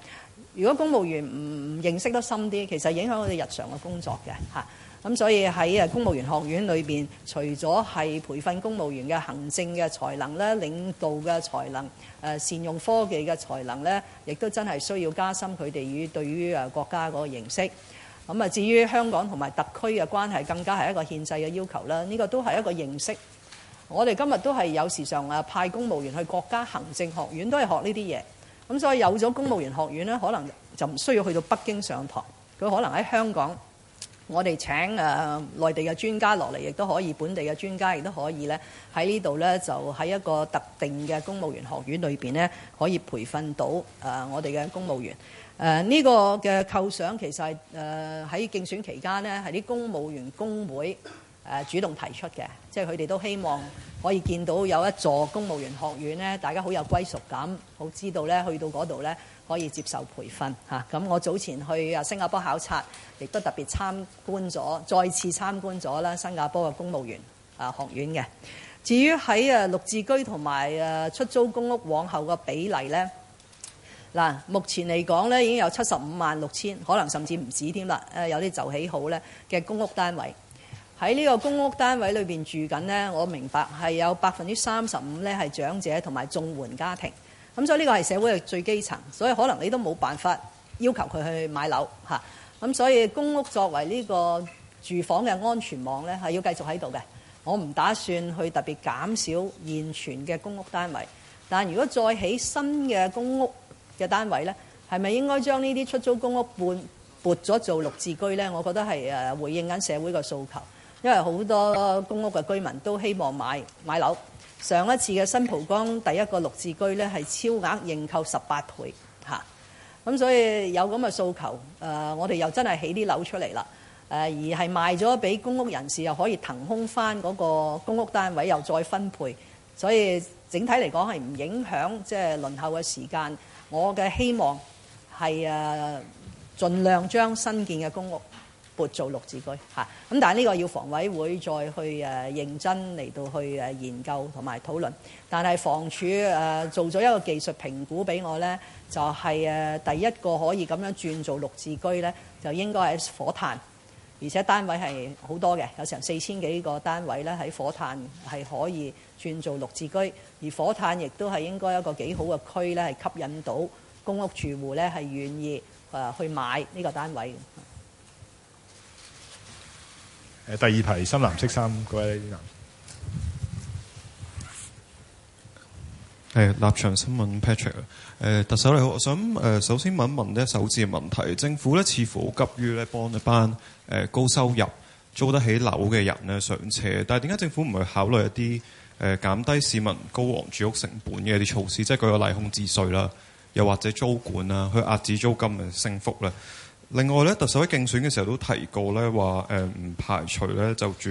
如果公務員唔認識得深啲，其實影響我哋日常嘅工作嘅嚇。咁所以喺啊公務員學院裏邊，除咗係培訓公務員嘅行政嘅才能咧，領導嘅才能、誒善用科技嘅才能咧，亦都真係需要加深佢哋於對於啊國家嗰個認識。咁啊，至於香港同埋特區嘅關係，更加係一個憲制嘅要求啦。呢個都係一個認識。我哋今日都係有時常啊派公務員去國家行政學院都係學呢啲嘢。咁所以有咗公務員學院咧，可能就唔需要去到北京上堂。佢可能喺香港。我哋請誒內地嘅專家落嚟，亦都可以本地嘅專家，亦都可以呢喺呢度呢，就喺一個特定嘅公務員學院裏面呢，可以培訓到誒我哋嘅公務員。誒、這、呢個嘅構想其實係喺競選期間呢，係啲公務員工會誒主動提出嘅，即係佢哋都希望可以見到有一座公務員學院呢，大家好有歸屬感，好知道呢，去到嗰度呢。可以接受培訓吓，咁、啊、我早前去啊新加坡考察，亦都特別參觀咗，再次參觀咗啦新加坡嘅公務員啊學院嘅。至於喺啊綠置居同埋啊出租公屋往後嘅比例咧，嗱、啊、目前嚟講咧已經有七十五萬六千，可能甚至唔止添啦。誒有啲就起好咧嘅公屋單位，喺呢個公屋單位裏邊住緊咧，我明白係有百分之三十五咧係長者同埋綜援家庭。咁所以呢個係社會嘅最基層，所以可能你都冇辦法要求佢去買樓嚇。咁所以公屋作為呢個住房嘅安全網呢，係要繼續喺度嘅。我唔打算去特別減少現存嘅公屋單位，但如果再起新嘅公屋嘅單位呢，係咪應該將呢啲出租公屋撥撥咗做綠置居呢？我覺得係誒回應緊社會嘅訴求。因為好多公屋嘅居民都希望買買樓，上一次嘅新蒲崗第一個綠置居咧，係超額認購十八倍咁、啊、所以有咁嘅訴求，啊、我哋又真係起啲樓出嚟啦、啊，而係賣咗俾公屋人士又可以騰空翻嗰個公屋單位又再分配，所以整體嚟講係唔影響即係輪候嘅時間。我嘅希望係、啊、盡量將新建嘅公屋。撥做綠置居嚇，咁但係呢個要房委會再去誒認真嚟到去誒研究同埋討論。但係房署誒做咗一個技術評估俾我呢，就係誒第一個可以咁樣轉做綠置居呢，就應該係火炭，而且單位係好多嘅，有成四千幾個單位呢，喺火炭係可以轉做綠置居，而火炭亦都係應該一個幾好嘅區呢，係吸引到公屋住戶呢，係願意誒去買呢個單位。誒第二排深藍色衫嗰位男士，誒立場新聞 Patrick，誒特首你好，我想誒首先問一問呢首置問題，政府咧似乎好急於咧幫一班誒高收入租得起樓嘅人咧上車，但係點解政府唔去考慮一啲誒減低市民高昂住屋成本嘅一啲措施，即係舉個例空置稅啦，又或者租管啦，去壓止租金嘅升幅啦？另外咧，特首喺競選嘅時候都提過咧，話誒唔排除咧就住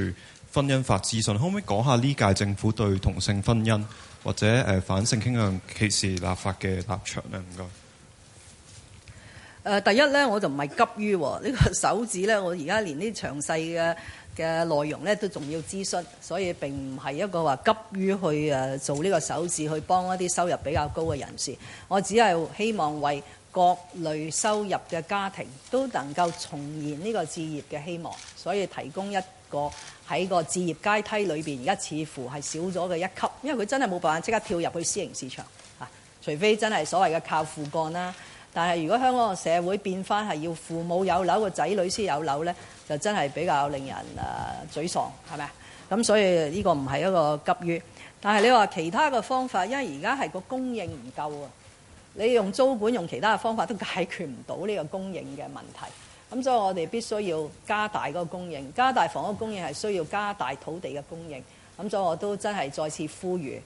婚姻法諮詢。可唔可以講下呢屆政府對同性婚姻或者誒反性傾向歧視立法嘅立場咧？唔該。誒，第一咧，我就唔係急於呢個手指咧。我而家連呢詳細嘅嘅內容咧都仲要諮詢，所以並唔係一個話急於去誒做呢個手指去幫一啲收入比較高嘅人士。我只係希望為各類收入嘅家庭都能夠重現呢個置業嘅希望，所以提供一個喺個置業階梯裏邊，而家似乎係少咗嘅一級，因為佢真係冇辦法即刻跳入去私營市場啊，除非真係所謂嘅靠父幹啦。但係如果香港嘅社會變返係要父母有樓，個仔女先有樓呢，就真係比較令人啊沮喪，係咪啊？咁所以呢個唔係一個急於，但係你話其他嘅方法，因為而家係個供應唔夠啊。你用租管用其他嘅方法都解決唔到呢個供應嘅問題，咁所以我哋必須要加大嗰個供應，加大房屋供應係需要加大土地嘅供應，咁所以我都真係再次呼籲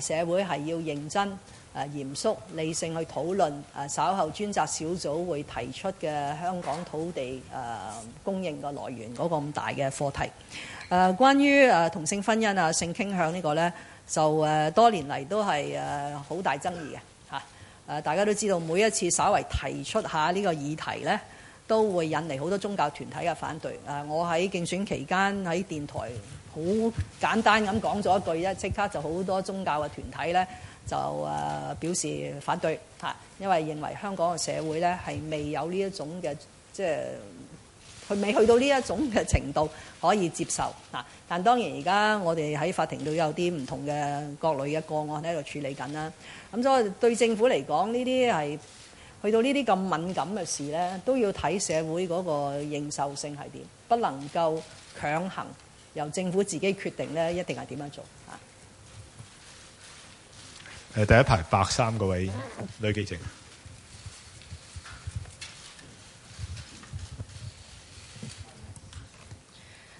誒社會係要認真、誒嚴肅理性去討論誒稍後專責小組會提出嘅香港土地誒供應嘅來源嗰個咁大嘅課題。誒關於誒同性婚姻啊、性傾向這個呢個咧，就誒多年嚟都係誒好大爭議嘅。誒大家都知道，每一次稍微提出下呢個議題呢，都會引嚟好多宗教團體嘅反對。誒，我喺競選期間喺電台好簡單咁講咗一句，一即刻就好多宗教嘅團體呢，就誒表示反對吓，因為認為香港嘅社會呢，係未有呢一種嘅即係佢未去到呢一種嘅程度可以接受嗱，但當然而家我哋喺法庭都有啲唔同嘅各類嘅個案喺度處理緊啦。咁所以對政府嚟講，呢啲係去到呢啲咁敏感嘅事呢，都要睇社會嗰個認受性係點，不能夠強行由政府自己決定呢一定係點樣做啊。誒，第一排白衫嗰位女記者。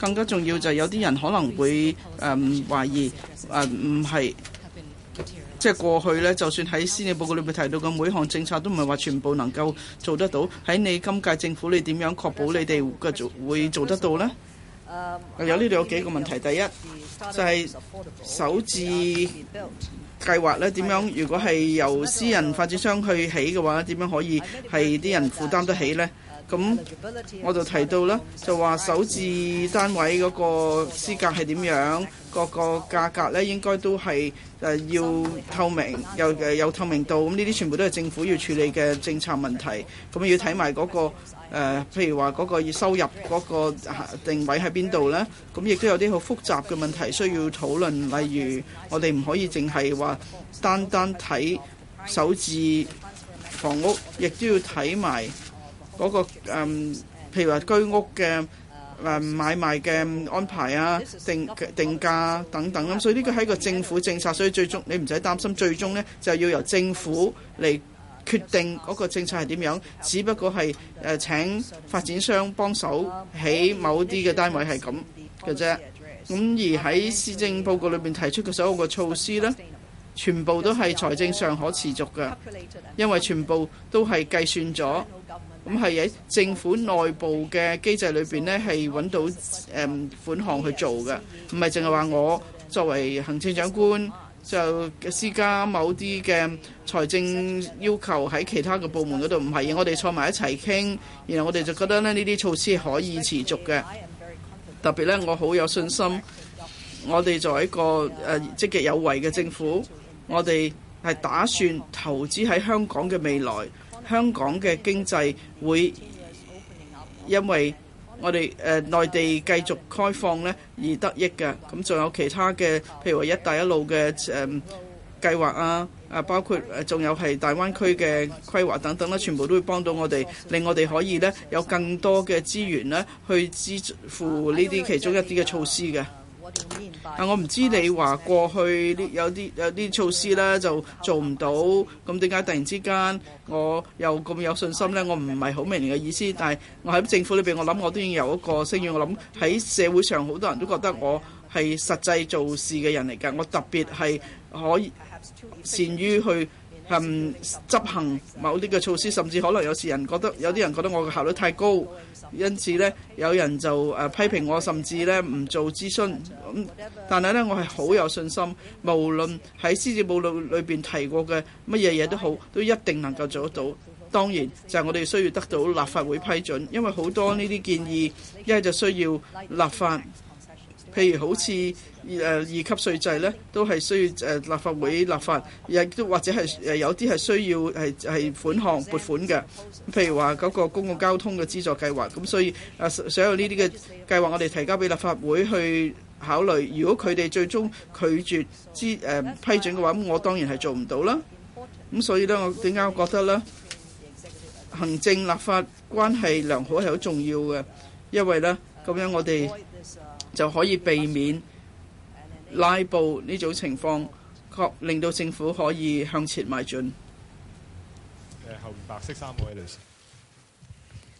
更加重要就係有啲人可能會誒懷疑，誒唔係即係過去咧，就算喺施政報告裏面提到嘅，每項政策都唔係話全部能夠做得到。喺你今屆政府，你點樣確保你哋嘅做會做得到咧？誒有呢度有幾個問題，第一就係首置計劃咧，點樣如果係由私人發展商去起嘅話，點樣可以係啲人負擔得起咧？咁我就提到啦，就話首置單位嗰個資格係點樣，個、嗰個價格呢應該都係要透明有，有透明度。咁呢啲全部都係政府要處理嘅政策問題。咁要睇埋嗰個、呃、譬如話嗰個收入嗰個定位喺邊度呢？咁亦都有啲好複雜嘅問題需要討論。例如我哋唔可以淨係話單單睇首置房屋，亦都要睇埋，嗰個誒，譬如話居屋嘅誒買賣嘅安排啊，定定價等等咁，所以呢個係一個政府政策，所以最終你唔使擔心，最終呢就要由政府嚟決定嗰個政策係點樣。只不過係誒請發展商幫手起某啲嘅單位係咁嘅啫。咁而喺施政報告裏面提出嘅所有個措施呢，全部都係財政上可持續嘅，因為全部都係計算咗。咁係喺政府內部嘅機制裏邊呢，係揾到誒款項去做嘅，唔係淨係話，我作為行政長官就施加某啲嘅財政要求喺其他嘅部門嗰度，唔係嘅，我哋坐埋一齊傾，然後我哋就覺得呢，呢啲措施係可以持續嘅，特別呢，我好有信心，我哋作為一個誒積極有為嘅政府，我哋係打算投資喺香港嘅未來。香港嘅經濟會因為我哋誒內地繼續開放呢而得益嘅，咁仲有其他嘅，譬如話一帶一路嘅誒計劃啊，包括誒仲有係大灣區嘅規劃等等啦，全部都會幫到我哋，令我哋可以呢有更多嘅資源呢去支付呢啲其中一啲嘅措施嘅。但我唔知你話過去啲有啲有啲措施咧就做唔到，咁點解突然之間我又咁有信心呢？我唔係好明你嘅意思，但係我喺政府裏邊，我諗我都要有一個聲譽。我諗喺社會上好多人都覺得我係實際做事嘅人嚟㗎，我特別係可以善於去。係執行某啲嘅措施，甚至可能有時人覺得有啲人覺得我嘅效率太高，因此呢，有人就誒批評我，甚至呢唔做諮詢。但係呢，我係好有信心，無論喺《施政報告》裏裏邊提過嘅乜嘢嘢都好，都一定能夠做得到。當然就係我哋需要得到立法會批准，因為好多呢啲建議一係就需要立法。譬如好似誒二級稅制咧，都係需要誒立法會立法，亦都或者係誒有啲係需要係係款項撥款嘅。譬如話嗰個公共交通嘅資助計劃，咁所以誒所有呢啲嘅計劃，我哋提交俾立法會去考慮。如果佢哋最終拒絕支誒批准嘅話，咁我當然係做唔到啦。咁所以咧，我點解覺得咧，行政立法關係良好係好重要嘅，因為咧咁樣我哋，就可以避免拉布呢種情況，確令到政府可以向前邁進。誒，後面白色衫位女士。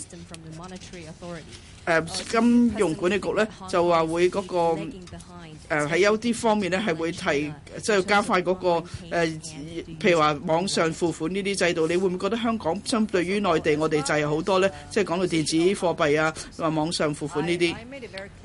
誒、uh，金融管理局咧就話會嗰、那個。誒喺有啲方面咧，係會提即係加快嗰個譬如話網上付款呢啲制度，你會唔會覺得香港針對於內地，我哋就係好多呢？即係講到電子貨幣啊，話網上付款呢啲？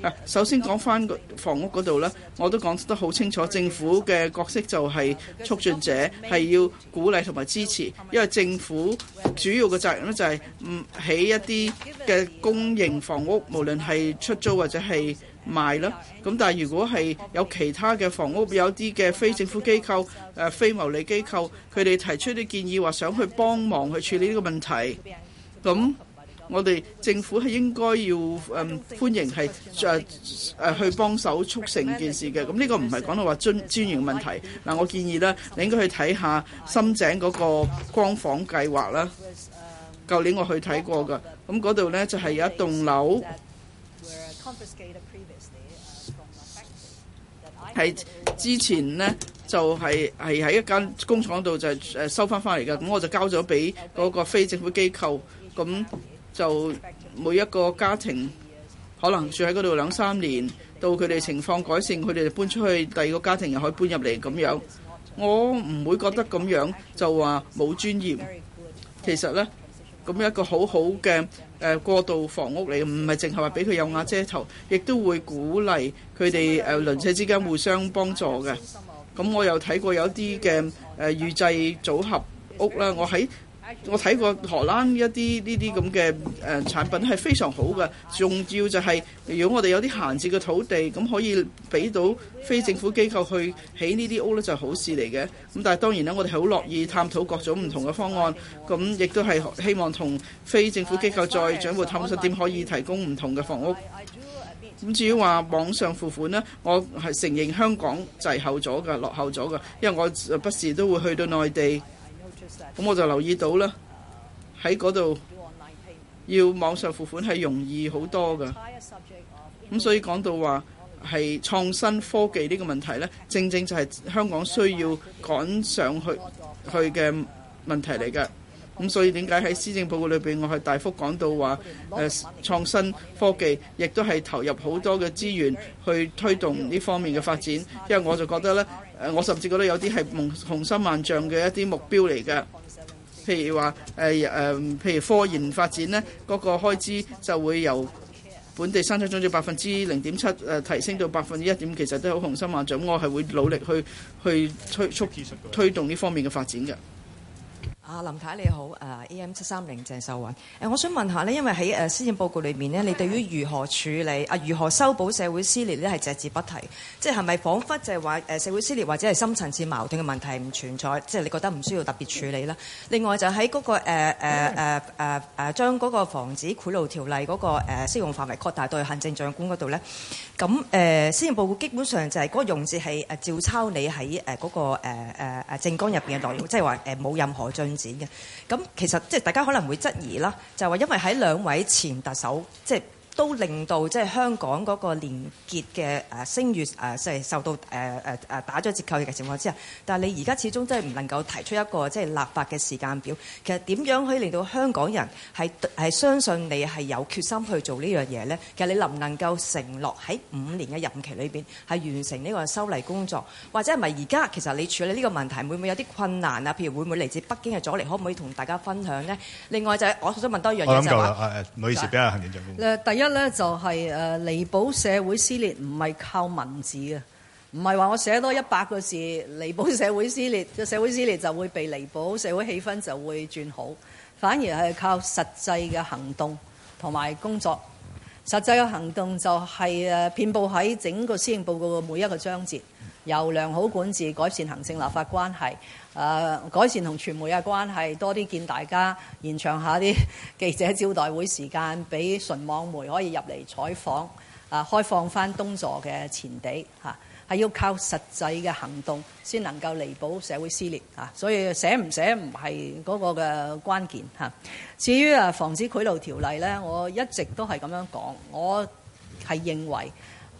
嗱，首先講翻個房屋嗰度呢，我都講得好清楚，政府嘅角色就係促進者，係要鼓勵同埋支持，因為政府主要嘅責任呢，就係唔起一啲嘅公營房屋，無論係出租或者係賣囉，咁但係如果係有其他嘅房屋，有啲嘅非政府機構、誒非牟利機構，佢哋提出啲建議，話想去幫忙去處理呢個問題，咁我哋政府係應該要誒歡迎係誒誒去幫手促成呢件事嘅。咁呢個唔係講到話專專業問題。嗱，我建議呢，你應該去睇下深井嗰個光房計劃啦。舊年我去睇過㗎，咁嗰度呢就係有一棟樓。係之前咧，就係係喺一間工廠度就誒收翻翻嚟嘅，咁我就交咗俾嗰個非政府機構，咁就每一個家庭可能住喺嗰度兩三年，到佢哋情況改善，佢哋就搬出去，第二個家庭又可以搬入嚟咁樣，我唔會覺得咁樣就話冇尊嚴，其實咧。咁一個好好嘅誒過渡房屋嚟，唔係淨係話俾佢有瓦遮頭，亦都會鼓勵佢哋誒鄰舍之間互相幫助嘅。咁我又睇過有啲嘅誒預製組合屋啦，我喺。我睇過荷蘭一啲呢啲咁嘅誒產品係非常好嘅，仲要就係、是、如果我哋有啲閒置嘅土地，咁可以俾到非政府機構去起呢啲屋呢，就係、是、好事嚟嘅。咁但係當然啦，我哋好樂意探討各種唔同嘅方案，咁亦都係希望同非政府機構再掌握探討點可以提供唔同嘅房屋。咁至於話網上付款呢，我係承認香港滯後咗嘅，落後咗嘅，因為我不時都會去到內地。咁我就留意到啦，喺嗰度要網上付款係容易好多噶。咁所以講到話係創新科技呢個問題呢，正正就係香港需要趕上去去嘅問題嚟嘅。咁所以點解喺施政報告裏邊，我係大幅講到話誒創新科技，亦都係投入好多嘅資源去推動呢方面嘅發展，因為我就覺得呢。誒，我甚至覺得有啲係夢雄心萬丈嘅一啲目標嚟嘅，譬如話誒誒，譬如科研發展呢嗰、嗰個開支就會由本地生產總值百分之零點七誒提升到百分之一點五，其實都好雄心萬丈。咁我係會努力去去推促推動呢方面嘅發展嘅。啊林太，太你好，誒 AM 七三零，鄭秀雲，誒、uh, 我想問一下呢，因為喺誒施政報告裏面呢，你對於如何處理啊、uh, 如何修補社會撕裂呢係隻字不提，即係係咪彷彿就係話誒社會撕裂或者係深層次矛盾嘅問題唔存在，即、就、係、是、你覺得唔需要特別處理啦。另外就喺嗰、那個誒誒誒誒誒將嗰個防止賄賂條例嗰、那個誒適、uh, 用範圍擴大到行政長官嗰度呢。咁誒施政報告基本上就係嗰個用字係誒照抄你喺誒嗰個誒誒、uh, uh, 政綱入邊嘅內容，即係話誒冇任何進展嘅，咁其實即係大家可能會質疑啦，就係話，因為喺兩位前特首即係、就是都令到即係香港嗰個廉潔嘅誒聲譽誒，即、呃、係受到誒誒誒打咗折扣嘅情況之下。但係你而家始終真係唔能夠提出一個即係立法嘅時間表。其實點樣可以令到香港人係係相信你係有決心去做呢樣嘢咧？其實你能唔能夠承諾喺五年嘅任期裏邊係完成呢個修例工作？或者係咪而家其實你處理呢個問題會唔會有啲困難啊？譬如會唔會嚟自北京嘅阻力，可唔可以同大家分享咧？另外就係、是、我想問多一樣嘢就係、是、唔、就是啊，好意思，俾較行政長官。第一。一咧就係誒彌補社會撕裂唔係靠文字嘅，唔係話我寫多一百個字彌補社會撕裂，個社會撕裂就會被彌補，社會氣氛就會轉好。反而係靠實際嘅行動同埋工作。實際嘅行動就係誒遍佈喺整個施政報告嘅每一個章節，由良好管治、改善行政立法關係。誒、啊、改善同傳媒嘅關係，多啲見大家，延長下啲記者招待會時間，俾純網媒可以入嚟採訪，啊開放翻東座嘅前地係，啊、要靠實際嘅行動先能夠彌補社會撕裂，啊、所以寫唔寫唔係嗰個嘅關鍵。啊、至於啊防止賄賂條例呢，我一直都係咁樣講，我係認為。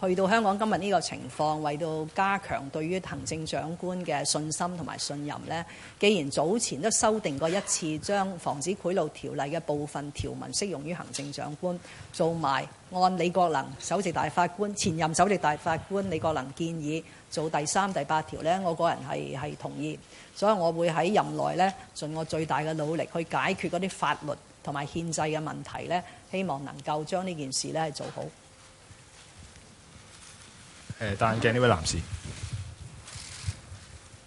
去到香港今日呢個情況為到加強對於行政長官嘅信心同埋信任咧。既然早前都修訂過一次，將防止賄賂條例嘅部分條文適用於行政長官，做埋按李國能首席大法官、前任首席大法官李國能建議做第三、第八條咧，我個人係係同意。所以，我會喺任內咧，盡我最大嘅努力去解決嗰啲法律同埋憲制嘅問題咧，希望能夠將呢件事咧做好。戴眼鏡呢位男士，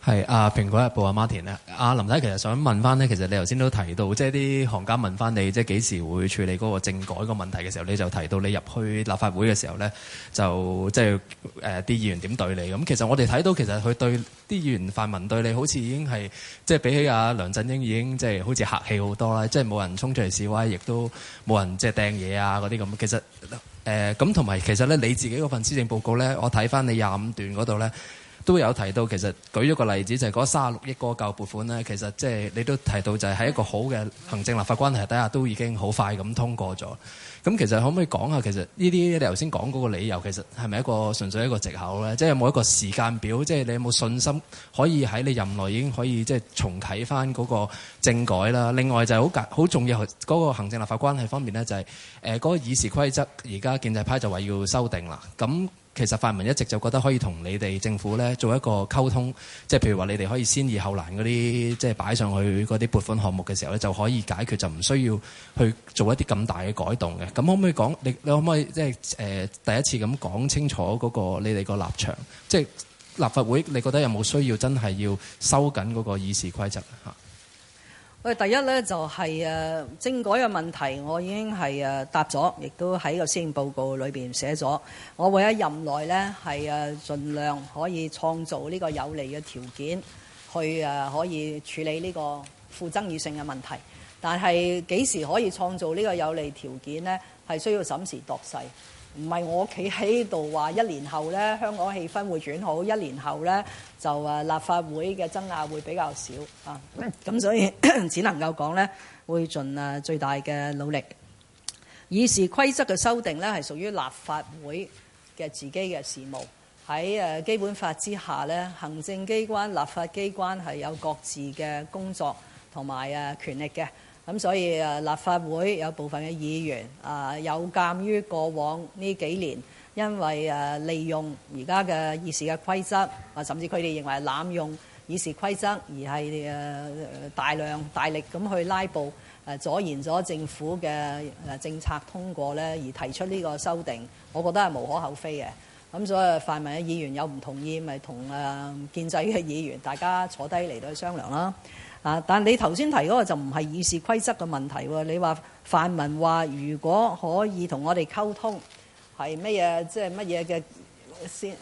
係啊，《蘋果日報》阿 Martin 咧，阿林仔其實想問翻咧，其實你頭先都提到，即係啲行家問翻你，即係幾時會處理嗰個政改個問題嘅時候，你就提到你入去立法會嘅時候咧，就即係誒啲議員點對你咁。其實我哋睇到其實佢對啲議員泛民對你好似已經係即係比起阿梁振英已經即係好似客氣好多啦，即係冇人衝出嚟示威，亦都冇人即係掟嘢啊嗰啲咁。其實。誒咁同埋，其實咧你自己嗰份施政報告咧，我睇翻你廿五段嗰度咧，都有提到，其實舉咗個例子，就係嗰三十六億個舊撥款咧，其實即係你都提到，就係喺一個好嘅行政立法關係底下，都已經好快咁通過咗。咁其實可唔可以講下，其實呢啲你頭先講嗰個理由，其實係咪一個純粹一個藉口咧？即係有冇一個時間表？即係你有冇信心可以喺你任內已經可以即係重啟翻嗰個政改啦？另外就係好好重要嗰個行政立法關係方面咧，就係嗰個議事規則，而家建制派就話要修訂啦。咁。其實泛民一直就覺得可以同你哋政府咧做一個溝通，即係譬如話你哋可以先易後難嗰啲，即係擺上去嗰啲撥款項目嘅時候咧，就可以解決，就唔需要去做一啲咁大嘅改動嘅。咁可唔可以講？你你可唔可以即係誒第一次咁講清楚嗰個你哋個立場？即係立法會，你覺得有冇需要真係要收緊嗰個議事規則嚇？第一咧就係誒政改嘅問題，我已經係誒答咗，亦都喺個施政報告裏邊寫咗。我會喺任內咧係誒盡量可以創造呢個有利嘅條件，去誒可以處理呢個負爭議性嘅問題。但係幾時可以創造呢個有利條件咧，係需要審時度勢。唔係我企喺度話一年後呢，香港氣氛會轉好；一年後呢，就誒立法會嘅爭拗會比較少啊。咁 所以只能夠講呢，會盡誒最大嘅努力。議事規則嘅修訂呢，係屬於立法會嘅自己嘅事務。喺誒基本法之下呢，行政機關、立法機關係有各自嘅工作同埋誒權力嘅。咁所以誒，立法會有部分嘅議員啊，有鑑於過往呢幾年，因為誒利用而家嘅議事嘅規則，啊甚至佢哋認為濫用議事規則，而係誒大量大力咁去拉布，誒阻延咗政府嘅誒政策通過咧，而提出呢個修訂，我覺得係無可厚非嘅。咁所以泛民嘅議員有唔同意，咪同誒建制嘅議員，大家坐低嚟到去商量啦。啊！但你頭先提嗰個就唔係議事規則嘅問題喎。你話泛民話如果可以同我哋溝通係乜嘢，即係乜嘢嘅先？呢、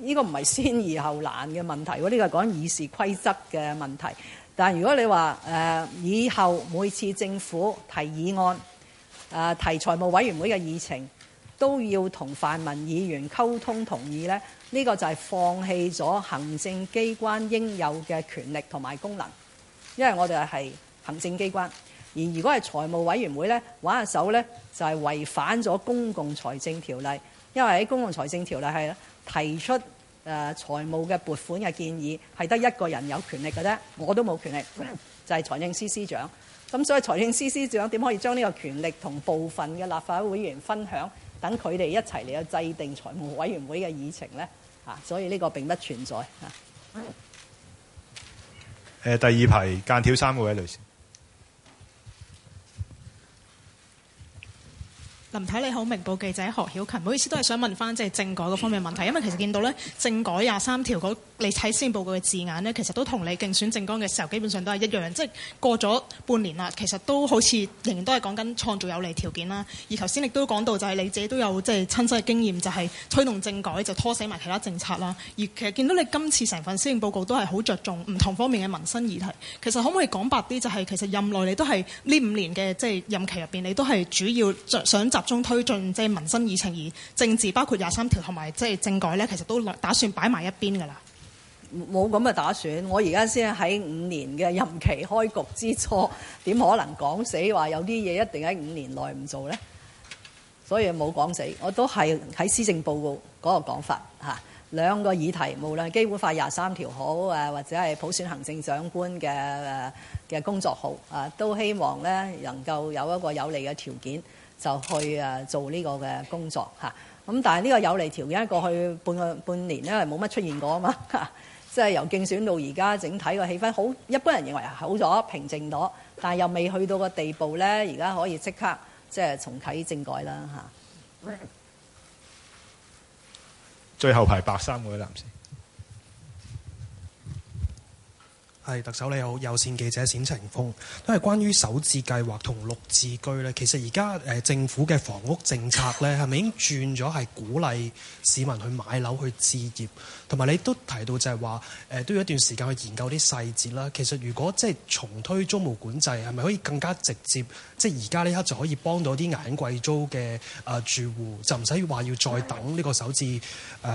呢個唔係先易後難嘅問題喎。呢、呢個係講議事規則嘅問題。但如果你話誒以後每次政府提議案啊，提財務委員會嘅議程都要同泛民議員溝通同意呢，呢、呢個就係放棄咗行政機關應有嘅權力同埋功能。因為我哋係行政機關，而如果係財務委員會呢，玩下手呢，就係違反咗公共財政條例。因為喺公共財政條例係提出誒財務嘅撥款嘅建議，係得一個人有權力嘅啫，我都冇權力，就係財政司司長。咁所以財政司司長點可以將呢個權力同部分嘅立法會議員分享，等佢哋一齊嚟去制定財務委員會嘅議程呢？嚇，所以呢個並不存在嚇。誒第二排間條衫嗰位女士。林太你好，明報記者何曉琴，唔好意思，都係想問翻即係政改嗰方面嘅問題，因為其實見到咧政改廿三條嗰你睇施政報告嘅字眼咧，其實都同你競選政綱嘅時候基本上都係一樣，即、就、係、是、過咗半年啦，其實都好似仍然都係講緊創造有利條件啦。而頭先亦都講到，就係你自己都有即係、就是、親身嘅經驗，就係、是、推動政改就拖死埋其他政策啦。而其實見到你今次成份施政報告都係好着重唔同方面嘅民生議題，其實可唔可以講白啲、就是，就係其實任內你都係呢五年嘅即係任期入邊你都係主要着想集。集中推進即係民生議程，而政治包括廿三條同埋即係政改呢，其實都打算擺埋一邊㗎喇。冇噉嘅打算。我而家先喺五年嘅任期開局之初，點可能講死話有啲嘢一定喺五年內唔做呢？所以冇講死，我都係喺施政報告嗰個講法吓。兩個議題，無論基本法廿三條好誒，或者係普選行政長官嘅嘅工作好啊，都希望呢能夠有一個有利嘅條件。就去誒做呢個嘅工作嚇，咁但係呢個有利條件過去半個半年因為係冇乜出現過啊嘛，即係由競選到而家整體個氣氛好，一般人認為好咗、平靜咗，但係又未去到個地步呢。而家可以即刻即係重啟政改啦嚇、啊。最後排白衫嗰位男士。係特首你好，有線記者冼晴峯，都係關於首置計劃同綠置居咧。其實而家誒政府嘅房屋政策咧，係咪已經轉咗係鼓勵市民去買樓去置業？同埋你都提到就係話，誒、呃、都有一段時間去研究啲細節啦。其實如果即係重推租務管制，係咪可以更加直接？即係而家呢刻就可以幫到啲捱貴租嘅啊、呃、住戶，就唔使話要再等呢個首置誒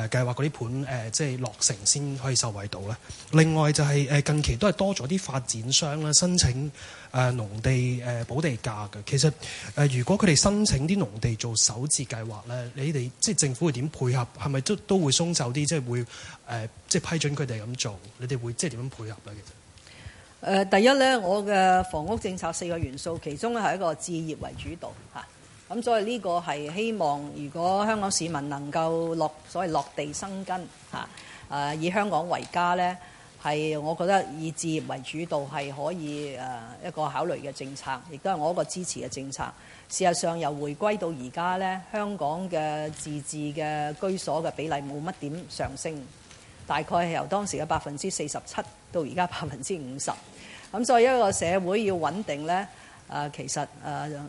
計劃嗰啲盤誒、呃、即係落成先可以受惠到咧。另外就係、是呃、近期都係多咗啲發展商啦申請。誒、呃、農地誒、呃、補地價嘅，其實誒、呃、如果佢哋申請啲農地做首置計劃咧，你哋即係政府會點配合？係咪都都會鬆手啲，即係會誒、呃、即係批准佢哋咁做？你哋會即係點樣配合咧？其實誒第一咧，我嘅房屋政策四個元素，其中咧係一個置業為主導嚇，咁、啊、所以呢個係希望如果香港市民能夠落所謂落地生根嚇，誒、啊、以香港為家咧。係，我覺得以置業為主導係可以一個考慮嘅政策，亦都係我一個支持嘅政策。事實上由回歸到而家呢，香港嘅自置嘅居所嘅比例冇乜點上升，大概係由當時嘅百分之四十七到而家百分之五十。咁所以一個社會要穩定呢，其實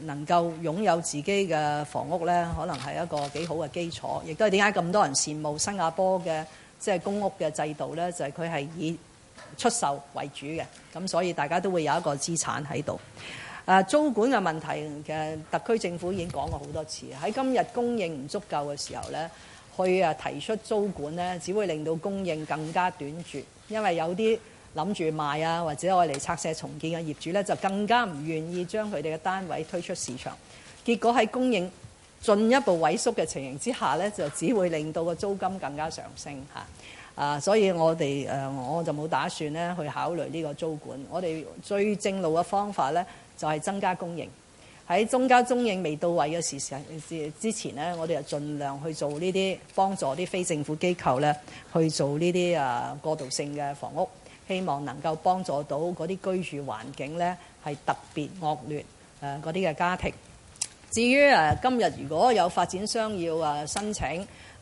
能夠擁有自己嘅房屋呢，可能係一個幾好嘅基礎。亦都係點解咁多人羨慕新加坡嘅即、就係、公屋嘅制度呢，就係佢係以出售為主嘅，咁所以大家都會有一個資產喺度。誒租管嘅問題，其實特區政府已經講過好多次。喺今日供應唔足夠嘅時候呢，去提出租管呢，只會令到供應更加短缺。因為有啲諗住賣啊，或者愛嚟拆卸重建嘅業主呢，就更加唔願意將佢哋嘅單位推出市場。結果喺供應進一步萎縮嘅情形之下呢，就只會令到個租金更加上升吓啊，所以我哋誒我就冇打算咧去考慮呢個租管。我哋最正路嘅方法呢，就係增加供應。喺增加供應未到位嘅時時之前呢，我哋就盡量去做呢啲幫助啲非政府機構呢去做呢啲啊過渡性嘅房屋，希望能夠幫助到嗰啲居住環境呢係特別惡劣嗰啲嘅家庭。至於今日如果有發展商要申請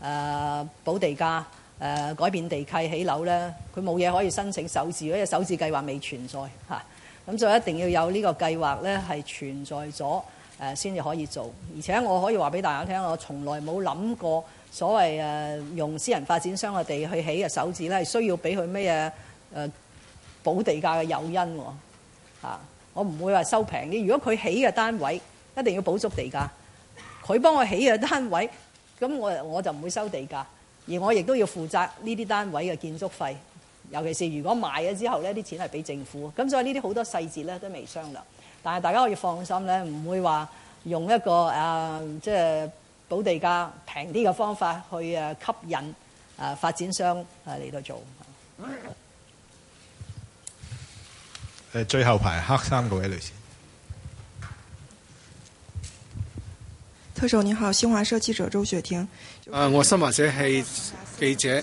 誒補地價。誒改變地契起樓咧，佢冇嘢可以申請首置，因為首置計劃未存在嚇。咁就一定要有呢個計劃咧，係存在咗誒，先至可以做。而且我可以話俾大家聽，我從來冇諗過所謂誒用私人發展商嘅地去起嘅首置咧，係需要俾佢咩嘢誒補地價嘅誘因喎嚇。我唔會話收平啲。如果佢起嘅單位一定要補足地價，佢幫我起嘅單位，咁我我就唔會收地價。而我亦都要負責呢啲單位嘅建築費，尤其是如果賣咗之後呢啲錢係俾政府。咁所以呢啲好多細節咧都未商量，但係大家可以放心咧，唔會話用一個誒即係補地價平啲嘅方法去誒吸引誒發展商嚟到做。誒最後排黑衫嗰位女士。特首你好，新華社記者周雪婷。啊！我新華社係記者，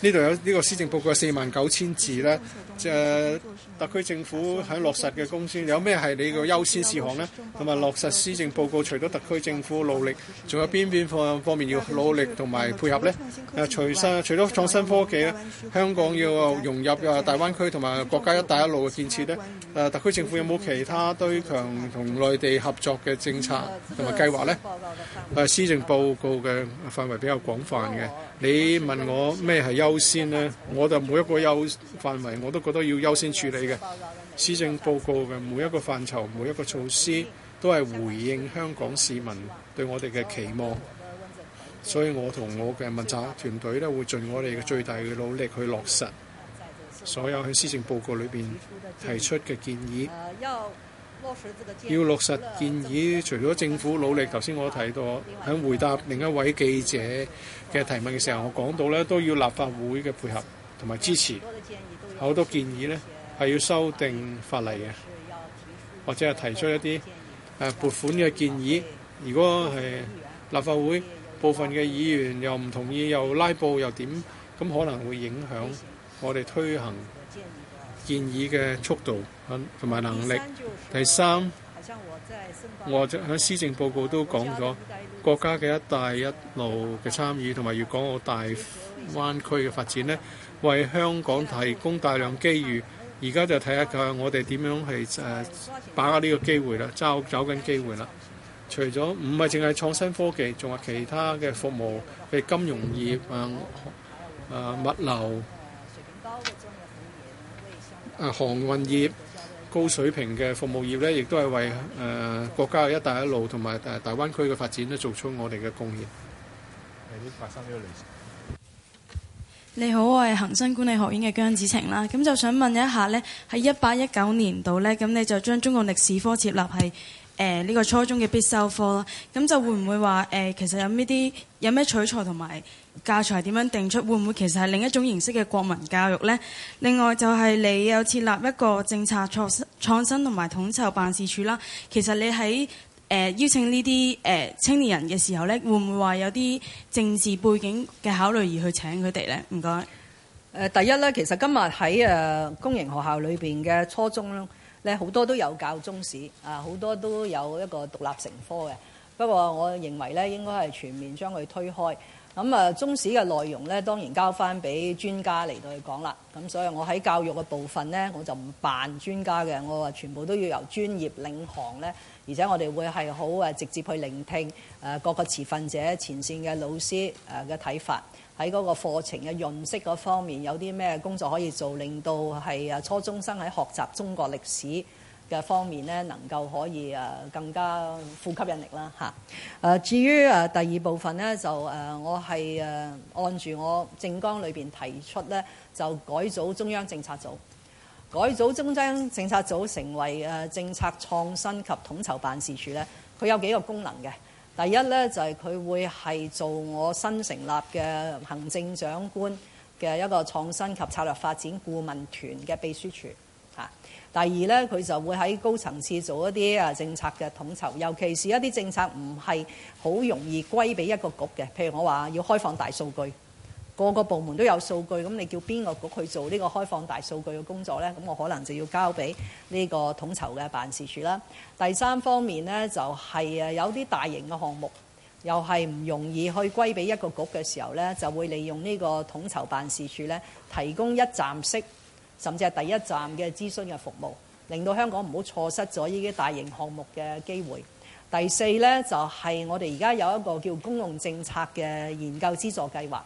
呢度有呢個施政報告四萬九千字啦。誒、啊、特區政府喺落實嘅工資有咩係你個優先事項咧？同埋落實施政報告，除咗特區政府努力，仲有邊邊方方面要努力同埋配合咧？誒、啊，除新，除咗創新科技咧，香港要融入誒大灣區同埋國家一帶一路嘅建設咧。誒、啊，特區政府有冇其他對強同內地合作嘅政策同埋計劃咧？誒、啊，施政報告嘅範圍比較廣泛嘅，你問我咩係優先咧？我就每一個優範圍我都。我都要優先處理嘅。施政報告嘅每一個範疇、每一個措施，都係回應香港市民對我哋嘅期望。所以我同我嘅問責團隊咧，會盡我哋嘅最大嘅努力去落實所有喺施政報告裏面提出嘅建議。要落實建議，除咗政府努力，頭先我提到喺回答另一位記者嘅提問嘅時候，我講到咧，都要立法會嘅配合同埋支持。好多建議咧，係要修訂法例嘅，或者係提出一啲誒撥款嘅建議。如果係立法會部分嘅議員又唔同意，又拉布又點？咁可能會影響我哋推行建議嘅速度同埋能力。第三，我喺施政報告都講咗國家嘅一帶一路嘅參與，同埋要講粵港澳大灣區嘅發展咧。為香港提供大量機遇，而家就睇下我哋點樣係誒把握呢個機會啦，抓緊機會啦。除咗唔係淨係創新科技，仲有其他嘅服務，譬如金融業啊、啊物流、啊航運業、高水平嘅服務業咧，亦都係為誒國家嘅一帶一路同埋誒大灣區嘅發展咧，做出我哋嘅貢獻。你好，我係恒生管理學院嘅姜子晴啦。咁就想問一下呢，喺一八一九年度呢，咁你就將中國歷史科設立係誒呢個初中嘅必修科啦。咁就會唔會話誒、呃、其實有呢啲有咩取材同埋教材點樣定出？會唔會其實係另一種形式嘅國民教育呢？另外就係你有設立一個政策創新創新同埋統籌辦事處啦。其實你喺呃、邀請呢啲、呃、青年人嘅時候呢會唔會話有啲政治背景嘅考慮而去請佢哋呢？唔該、呃。第一呢，其實今日喺、呃、公營學校裏邊嘅初中呢，好多都有教中史啊，好多都有一個獨立成科嘅。不過，我認為呢，應該係全面將佢推開。咁啊，中史嘅內容呢，當然交翻俾專家嚟到去講啦。咁所以我喺教育嘅部分呢，我就唔扮專家嘅，我話全部都要由專業領航呢。而且我哋會係好直接去聆聽各個持份者、前線嘅老師嘅睇法，喺嗰個課程嘅潤色嗰方面有啲咩工作可以做，令到係初中生喺學習中國歷史嘅方面咧，能夠可以更加富吸引力啦嚇。至於第二部分咧，就我係按住我政綱裏面提出咧，就改組中央政策組。改組中央政策組成為誒政策創新及統籌辦事處咧，佢有幾個功能嘅。第一咧就係、是、佢會係做我新成立嘅行政長官嘅一個創新及策略發展顧問團嘅秘書處嚇。第二咧，佢就會喺高層次做一啲啊政策嘅統籌，尤其是一啲政策唔係好容易歸俾一個局嘅，譬如我話要開放大數據。個個部門都有數據，咁你叫邊個局去做呢個開放大數據嘅工作呢？咁我可能就要交俾呢個統籌嘅辦事處啦。第三方面呢，就係誒有啲大型嘅項目，又係唔容易去歸俾一個局嘅時候呢，就會利用呢個統籌辦事處呢，提供一站式甚至係第一站嘅諮詢嘅服務，令到香港唔好錯失咗呢啲大型項目嘅機會。第四呢，就係、是、我哋而家有一個叫公共政策嘅研究資助計劃。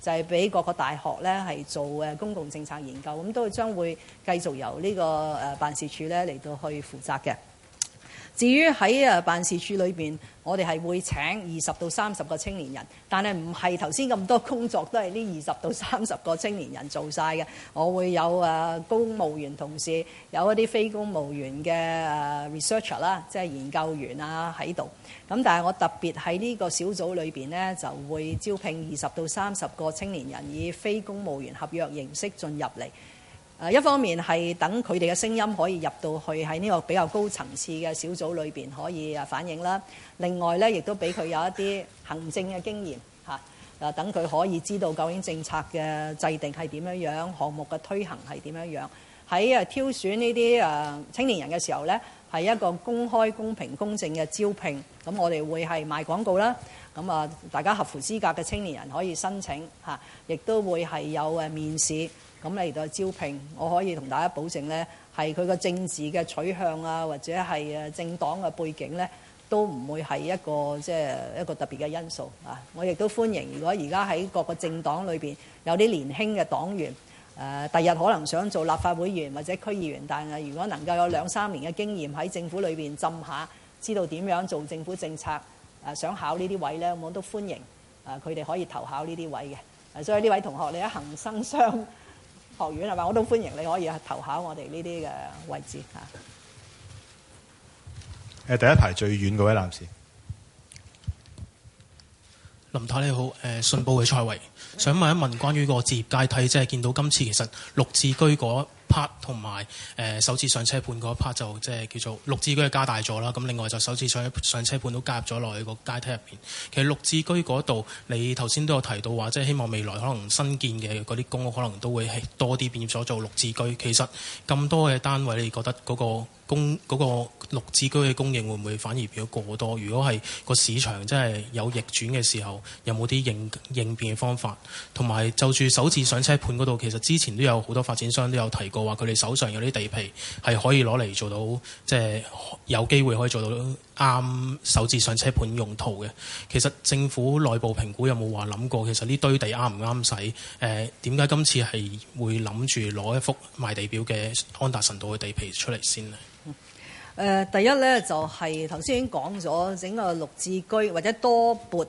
就係、是、俾各個大學呢係做公共政策研究，咁都將會繼續由呢個辦事處呢嚟到去負責嘅。至於喺誒辦事處裏邊，我哋係會請二十到三十個青年人，但係唔係頭先咁多工作都係呢二十到三十個青年人做晒嘅。我會有誒公務員同事，有一啲非公務員嘅誒 researcher 啦，即係研究員啊喺度。咁但係我特別喺呢個小組裏邊呢，就會招聘二十到三十個青年人，以非公務員合約形式進入嚟。誒一方面係等佢哋嘅聲音可以入到去，喺呢個比較高層次嘅小組裏邊，可以誒反映啦。另外呢，亦都俾佢有一啲行政嘅經驗嚇。嗱，等佢可以知道究竟政策嘅制定係點樣樣，項目嘅推行係點樣樣。喺誒挑選呢啲誒青年人嘅時候呢，係一個公開、公平、公正嘅招聘。咁我哋會係賣廣告啦。咁啊，大家合乎資格嘅青年人可以申請嚇，亦都會係有誒面試。咁嚟到招聘，我可以同大家保證呢，係佢個政治嘅取向啊，或者係政黨嘅背景呢，都唔會係一個即係一個特別嘅因素啊。我亦都歡迎，如果而家喺各個政黨裏面有啲年輕嘅黨員誒，第日可能想做立法會議員或者區議員，但係如果能夠有兩三年嘅經驗喺政府裏面浸下，知道點樣做政府政策，想考呢啲位呢，我都歡迎。佢哋可以投考呢啲位嘅。所以呢位同學，你喺恆生商學院係嘛？我都歡迎你可以係投考我哋呢啲嘅位置吓。誒、啊，第一排最遠嗰位男士，林太你好。誒，信報嘅蔡維，想問一問關於個置業界睇，即係見到今次其實綠置居嗰。part 同埋誒首次上車盤嗰 part，就即係叫做綠置居加大咗啦，咁另外就首次上上車盤都加入咗落去個階梯入邊。其實綠置居嗰度，你頭先都有提到話，即係希望未來可能新建嘅嗰啲公屋可能都會係多啲變咗做綠置居。其實咁多嘅單位，你覺得嗰個？供、那、嗰個綠置居嘅供應會唔會反而變咗過多？如果係個市場真係有逆轉嘅時候，有冇啲應應變嘅方法？同埋就住首次上車盤嗰度，其實之前都有好多發展商都有提過話，佢哋手上有啲地皮係可以攞嚟做到即係、就是、有機會可以做到啱首次上車盤用途嘅。其實政府內部評估有冇話諗過？其實呢堆地啱唔啱使？誒點解今次係會諗住攞一幅賣地表嘅安達臣道嘅地皮出嚟先呢？誒、呃、第一呢，就係頭先已經講咗整個綠置居或者多撥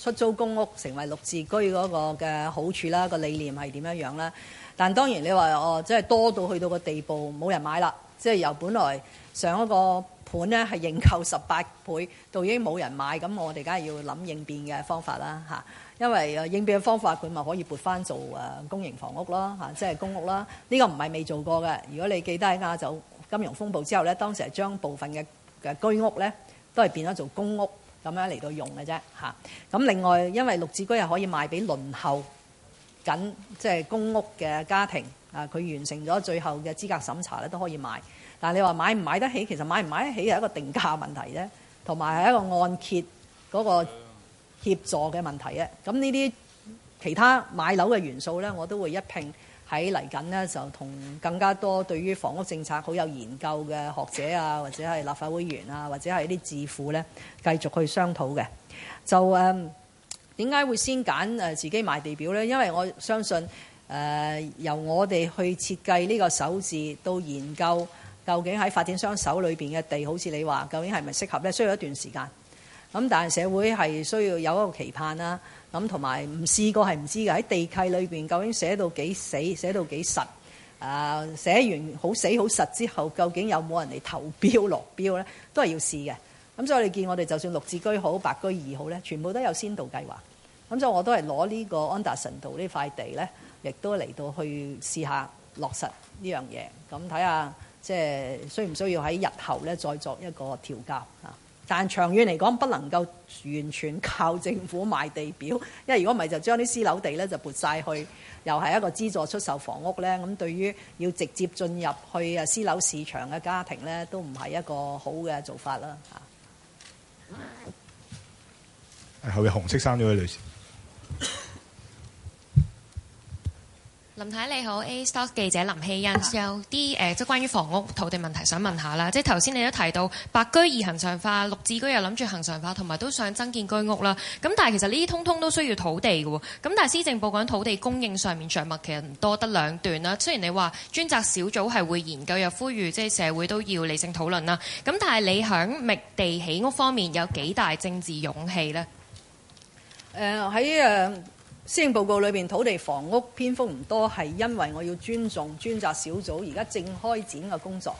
出租公屋成為綠置居嗰個嘅好處啦，個理念係點樣樣啦？但當然你話哦，即係多到去到個地步冇人買啦，即係由本來上一個盤呢，係認購十八倍到已經冇人買，咁我哋梗係要諗應變嘅方法啦嚇。因為應變嘅方法佢咪可以撥翻做誒公營房屋咯嚇，即係公屋啦。呢、這個唔係未做過嘅。如果你記得喺亞洲金融風暴之後咧，當時係將部分嘅居屋咧，都係變咗做公屋咁樣嚟到用嘅啫吓。咁另外，因為綠置居係可以賣俾輪候緊即係公屋嘅家庭啊，佢完成咗最後嘅資格審查咧，都可以賣。但係你話買唔買得起，其實買唔買得起係一個定價問題啫，同埋係一個按揭嗰個協助嘅問題咧。咁呢啲其他買樓嘅元素咧，我都會一拼。喺嚟緊呢，就同更加多對於房屋政策好有研究嘅學者啊，或者係立法會員啊，或者係啲智庫呢，繼續去商討嘅。就誒點解會先揀誒自己賣地表呢？因為我相信誒、呃、由我哋去設計呢個首字，到研究究竟喺發展商手裏邊嘅地，好似你話，究竟係咪適合呢？需要一段時間。咁但係社會係需要有一個期盼啦、啊。咁同埋唔試過係唔知嘅，喺地契裏面究竟寫到幾死，寫到幾實？啊，寫完好死好實之後，究竟有冇人嚟投標落標呢？都係要試嘅。咁所以你見我哋就算六字居好、白居二好呢，全部都有先導計劃。咁所以我都係攞呢個安達臣道呢塊地呢，亦都嚟到去試下落實呢樣嘢，咁睇下即係需唔需要喺日後呢再作一個調校嚇。但長遠嚟講，不能夠完全靠政府賣地表，因為如果唔係，就將啲私樓地咧就撥晒去，又係一個資助出售房屋咧。咁對於要直接進入去啊私樓市場嘅家庭咧，都唔係一個好嘅做法啦。嚇，係後面紅色衫呢位女士。林太你好，A Stock 記者林希欣，有啲即關於房屋土地問題想問下啦，即係頭先你都提到白居二恆常化，綠置居又諗住恆常化，同埋都想增建居屋啦。咁但係其實呢啲通通都需要土地嘅喎。咁但係施政報告土地供應上面著墨其實唔多，得兩段啦。雖然你話專責小組係會研究，又呼籲即係、就是、社會都要理性討論啦。咁但係你響覓地起屋方面有幾大政治勇氣呢？誒、uh, 喺施政報告裏面土地房屋篇幅唔多，係因為我要尊重專責小組而家正開展嘅工作。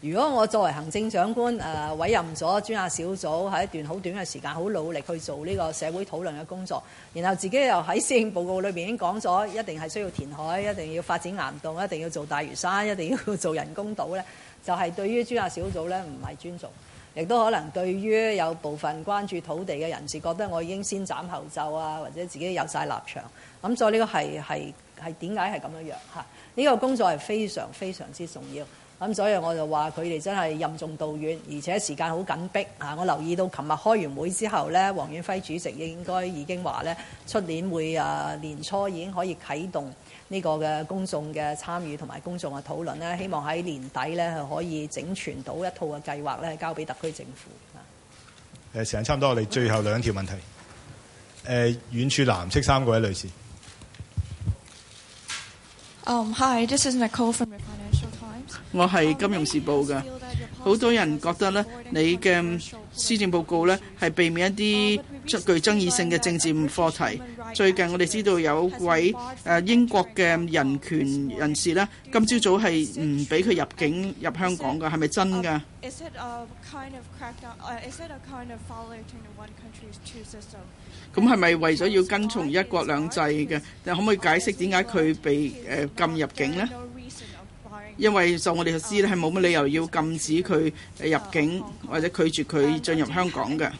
如果我作為行政長官、呃、委任咗專責小組喺一段好短嘅時間，好努力去做呢個社會討論嘅工作，然後自己又喺施政報告裏面已經講咗，一定係需要填海，一定要發展岩洞，一定要做大嶼山，一定要做人工島呢就係、是、對於專責小組呢，唔係尊重。亦都可能對於有部分關注土地嘅人士，覺得我已經先斬後奏啊，或者自己有晒立場。咁所以呢個係係係點解係咁樣樣嚇？呢個工作係非常非常之重要。咁所以我就話佢哋真係任重道遠，而且時間好緊迫嚇。我留意到琴日開完會之後呢，黃遠輝主席應該已經話呢，出年會啊年初已經可以啟動。這個、呢個嘅公眾嘅參與同埋公眾嘅討論咧，希望喺年底咧係可以整全到一套嘅計劃咧，交俾特區政府。誒時間差唔多，我哋最後兩條問題。誒遠處藍色衫嗰位女士。Um, hi, this is Nicole from the Financial Times。我係金融時報嘅。好多人覺得咧，你嘅施政報告咧係避免一啲具爭議性嘅政治課題。最近我哋知道有位誒英國嘅人權人士咧，今朝早係唔俾佢入境入香港噶，係咪真㗎？咁係咪為咗要跟從一國兩制嘅？可唔可以解釋點解佢被誒禁入境呢？因為就我哋律師咧，係冇乜理由要禁止佢入境或者拒絕佢進入香港嘅。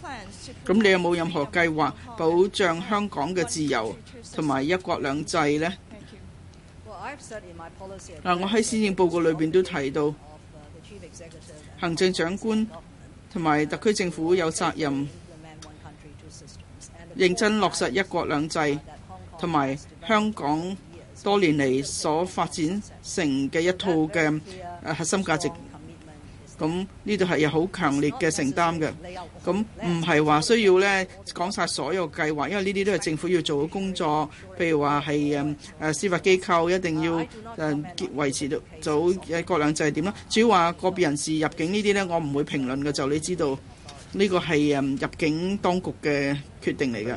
咁你有冇任何計劃保障香港嘅自由同埋一國兩制呢？嗱，我喺施政報告裏邊都提到，行政長官同埋特區政府有責任認真落實一國兩制同埋香港。多年嚟所發展成嘅一套嘅誒核心價值，咁呢度係有好強烈嘅承擔嘅。咁唔係話需要呢講晒所有計劃，因為呢啲都係政府要做嘅工作。譬如話係誒誒司法機構一定要誒維持到早誒各兩就係點啦。主要話個別人士入境呢啲呢，我唔會評論嘅，就你知道呢個係誒入境當局嘅決定嚟嘅。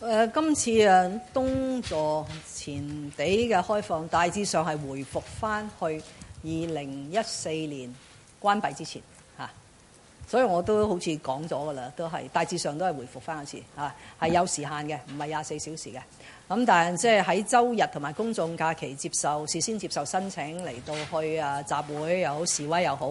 呃、今次誒、啊、東座前地嘅開放，大致上係回復翻去二零一四年關閉之前、啊、所以我都好似講咗㗎啦，都係大致上都係回復翻一次嚇，係、啊、有時限嘅，唔係廿四小時嘅。咁、啊、但係即係喺周日同埋公眾假期接受事先接受申請嚟到去、啊、集會又好示威又好，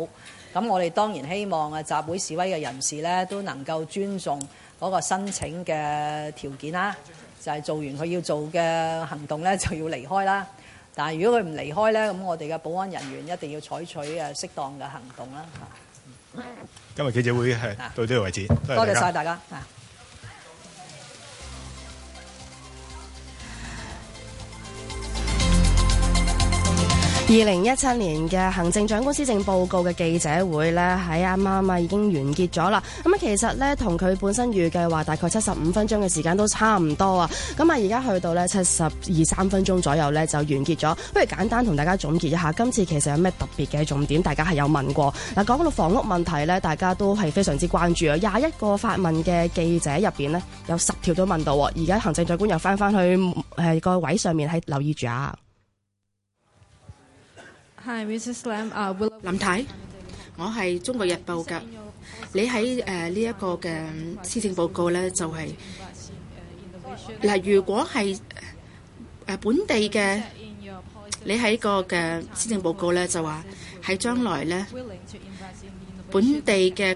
咁我哋當然希望、啊、集會示威嘅人士呢都能夠尊重。嗰個申請嘅條件啦，就係做完佢要做嘅行動呢，就要離開啦。但係如果佢唔離開呢，咁我哋嘅保安人員一定要採取誒適當嘅行動啦。今日記者會係到呢度為止，多謝晒大家。二零一七年嘅行政長官施政報告嘅記者會咧，喺啱啱啊已經完結咗啦。咁啊，其實咧同佢本身預計話大概七十五分鐘嘅時間都差唔多啊。咁啊，而家去到咧七十二三分鐘左右呢，就完結咗。不如簡單同大家總結一下，今次其實有咩特別嘅重點？大家係有問過嗱，講到房屋問題呢，大家都係非常之關注啊。廿一個發問嘅記者入邊呢，有十條都問到。而家行政長官又翻翻去誒個位上面，喺留意住啊。係，Mrs. 林啊，林太，我係中國日報嘅。你喺誒呢一個嘅施政報告咧，就係嗱，如果係誒本地嘅，你喺個嘅施政報告咧，就話係將來咧，本地嘅。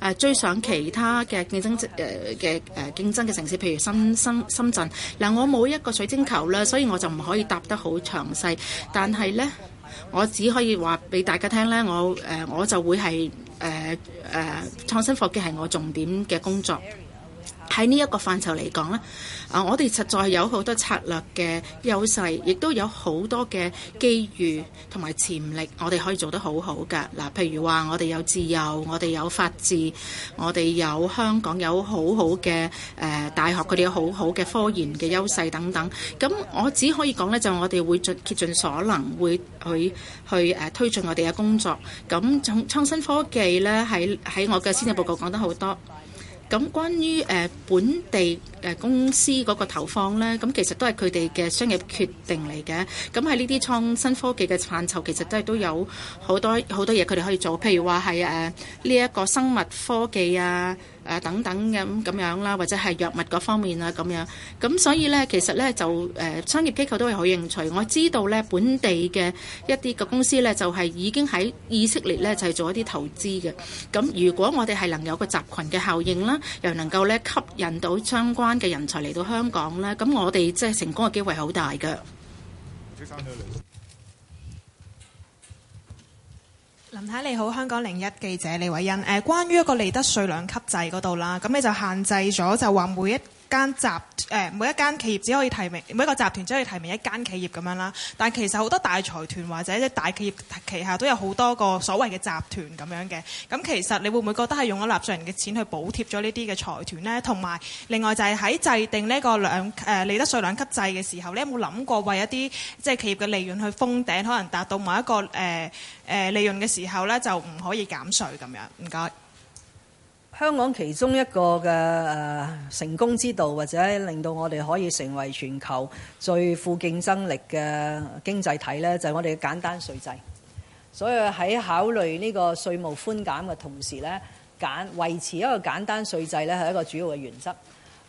誒追上其他嘅競爭誒嘅誒競爭嘅城市，譬如深深深圳。嗱，我冇一個水晶球啦，所以我就唔可以答得好詳細。但係呢，我只可以話俾大家聽呢，我誒我就會係誒誒創新科技係我重點嘅工作。喺呢一個範疇嚟講呢啊，我哋實在有好多策略嘅優勢，亦都有好多嘅機遇同埋潛力，我哋可以做得好好噶。嗱，譬如話，我哋有自由，我哋有法治，我哋有香港有好好嘅誒大學，佢哋有好好嘅科研嘅優勢等等。咁我只可以講呢，就我哋會盡竭盡所能，會去去誒推進我哋嘅工作。咁創創新科技呢，喺喺我嘅施政報告講得好多。咁關於誒本地誒公司嗰個投放咧，咁其實都係佢哋嘅商業決定嚟嘅。咁喺呢啲創新科技嘅範疇，其實都都有好多好多嘢佢哋可以做，譬如話係誒呢一個生物科技啊。誒等等咁咁樣啦，或者係藥物嗰方面啊咁樣。咁所以呢，其實呢，就誒商業機構都係好興趣。我知道呢，本地嘅一啲嘅公司呢，就係已經喺以色列呢，就係做一啲投資嘅。咁如果我哋係能有個集群嘅效應啦，又能夠呢，吸引到相關嘅人才嚟到香港呢，咁我哋即係成功嘅機會好大嘅。林太你好，香港零一記者李偉恩，誒關於一個利得稅兩級制嗰度啦，咁你就限制咗就話每一間集誒，每一間企業只可以提名，每一個集團只可以提名一間企業咁樣啦。但係其實好多大財團或者大企業旗下都有好多個所謂嘅集團咁樣嘅。咁其實你會唔會覺得係用咗納稅人嘅錢去補貼咗呢啲嘅財團呢？同埋另外就係喺制定呢個兩、呃、利得稅兩級制嘅時候，你有冇諗過為一啲即係企業嘅利潤去封頂，可能達到某一個誒、呃、利潤嘅時候呢，就唔可以減稅咁樣？唔該。香港其中一個嘅誒成功之道，或者令到我哋可以成為全球最富競爭力嘅經濟體呢，就係、是、我哋嘅簡單稅制。所以喺考慮呢個稅務寬減嘅同時呢，簡維持一個簡單稅制呢係一個主要嘅原則。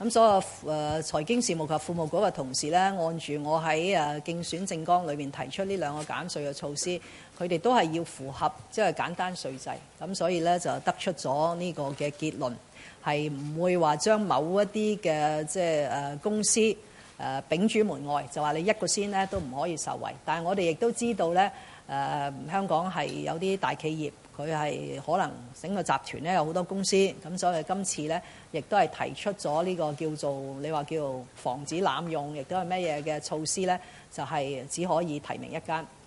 咁所以誒財經事務及庫務局嘅同事呢，按住我喺誒競選政綱裏面提出呢兩個減稅嘅措施。佢哋都係要符合即係、就是、簡單稅制，咁所以呢，就得出咗呢個嘅結論，係唔會話將某一啲嘅即係誒公司誒摒諸門外，就話你一個先呢都唔可以受惠。但係我哋亦都知道呢，誒、呃、香港係有啲大企業，佢係可能整個集團呢有好多公司，咁所以今次呢，亦都係提出咗呢個叫做你話叫防止濫用，亦都係咩嘢嘅措施呢，就係、是、只可以提名一間。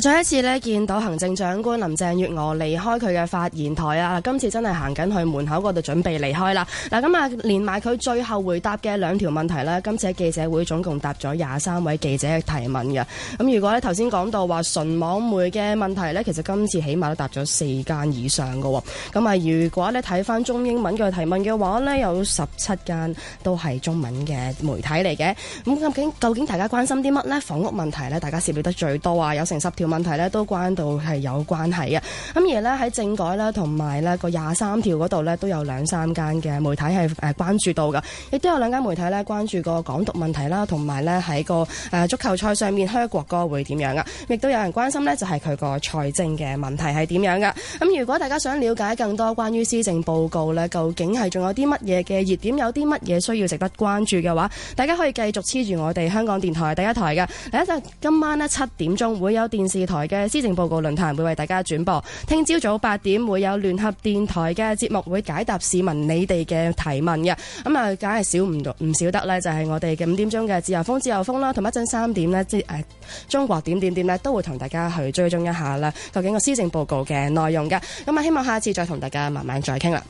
再一次咧見到行政長官林鄭月娥離開佢嘅發言台啊！今次真係行緊去門口嗰度準備離開啦。嗱，啊，咁啊連埋佢最後回答嘅兩條問題咧，今次喺記者會總共答咗廿三位記者嘅提問嘅。咁啊，如果咧頭先講到話純網媒嘅問題咧，其實今次起碼都答咗四間以上嘅。咁啊，如果你睇翻中英文嘅提問嘅話咧，有十七間都係中文嘅媒體嚟嘅。咁究竟究竟大家關心啲乜呢？房屋問題咧，大家涉獵得最多啊！有成十條。問題咧都關到係有關係嘅，咁而呢，喺政改咧同埋呢個廿三條嗰度呢，都有兩三間嘅媒體係誒關注到嘅，亦都有兩間媒體呢，關注過港獨問題啦，同埋呢喺個誒、呃、足球賽上面香港國歌會點樣嘅，亦都有人關心呢，就係佢個財政嘅問題係點樣嘅。咁如果大家想了解更多關於施政報告呢，究竟係仲有啲乜嘢嘅熱點，有啲乜嘢需要值得關注嘅話，大家可以繼續黐住我哋香港電台第一台嘅。第一就今晚呢，七點鐘會有電電台嘅施政報告論壇會為大家轉播，聽朝早八點會有聯合電台嘅節目會解答市民你哋嘅提問嘅。咁啊梗係少唔到，唔少得呢就係、是、我哋嘅五點鐘嘅自由風自由風啦，同一陣三點呢，即誒中國點點點呢都會同大家去追蹤一下啦，究竟個施政報告嘅內容㗎，咁啊希望下次再同大家慢慢再傾啦。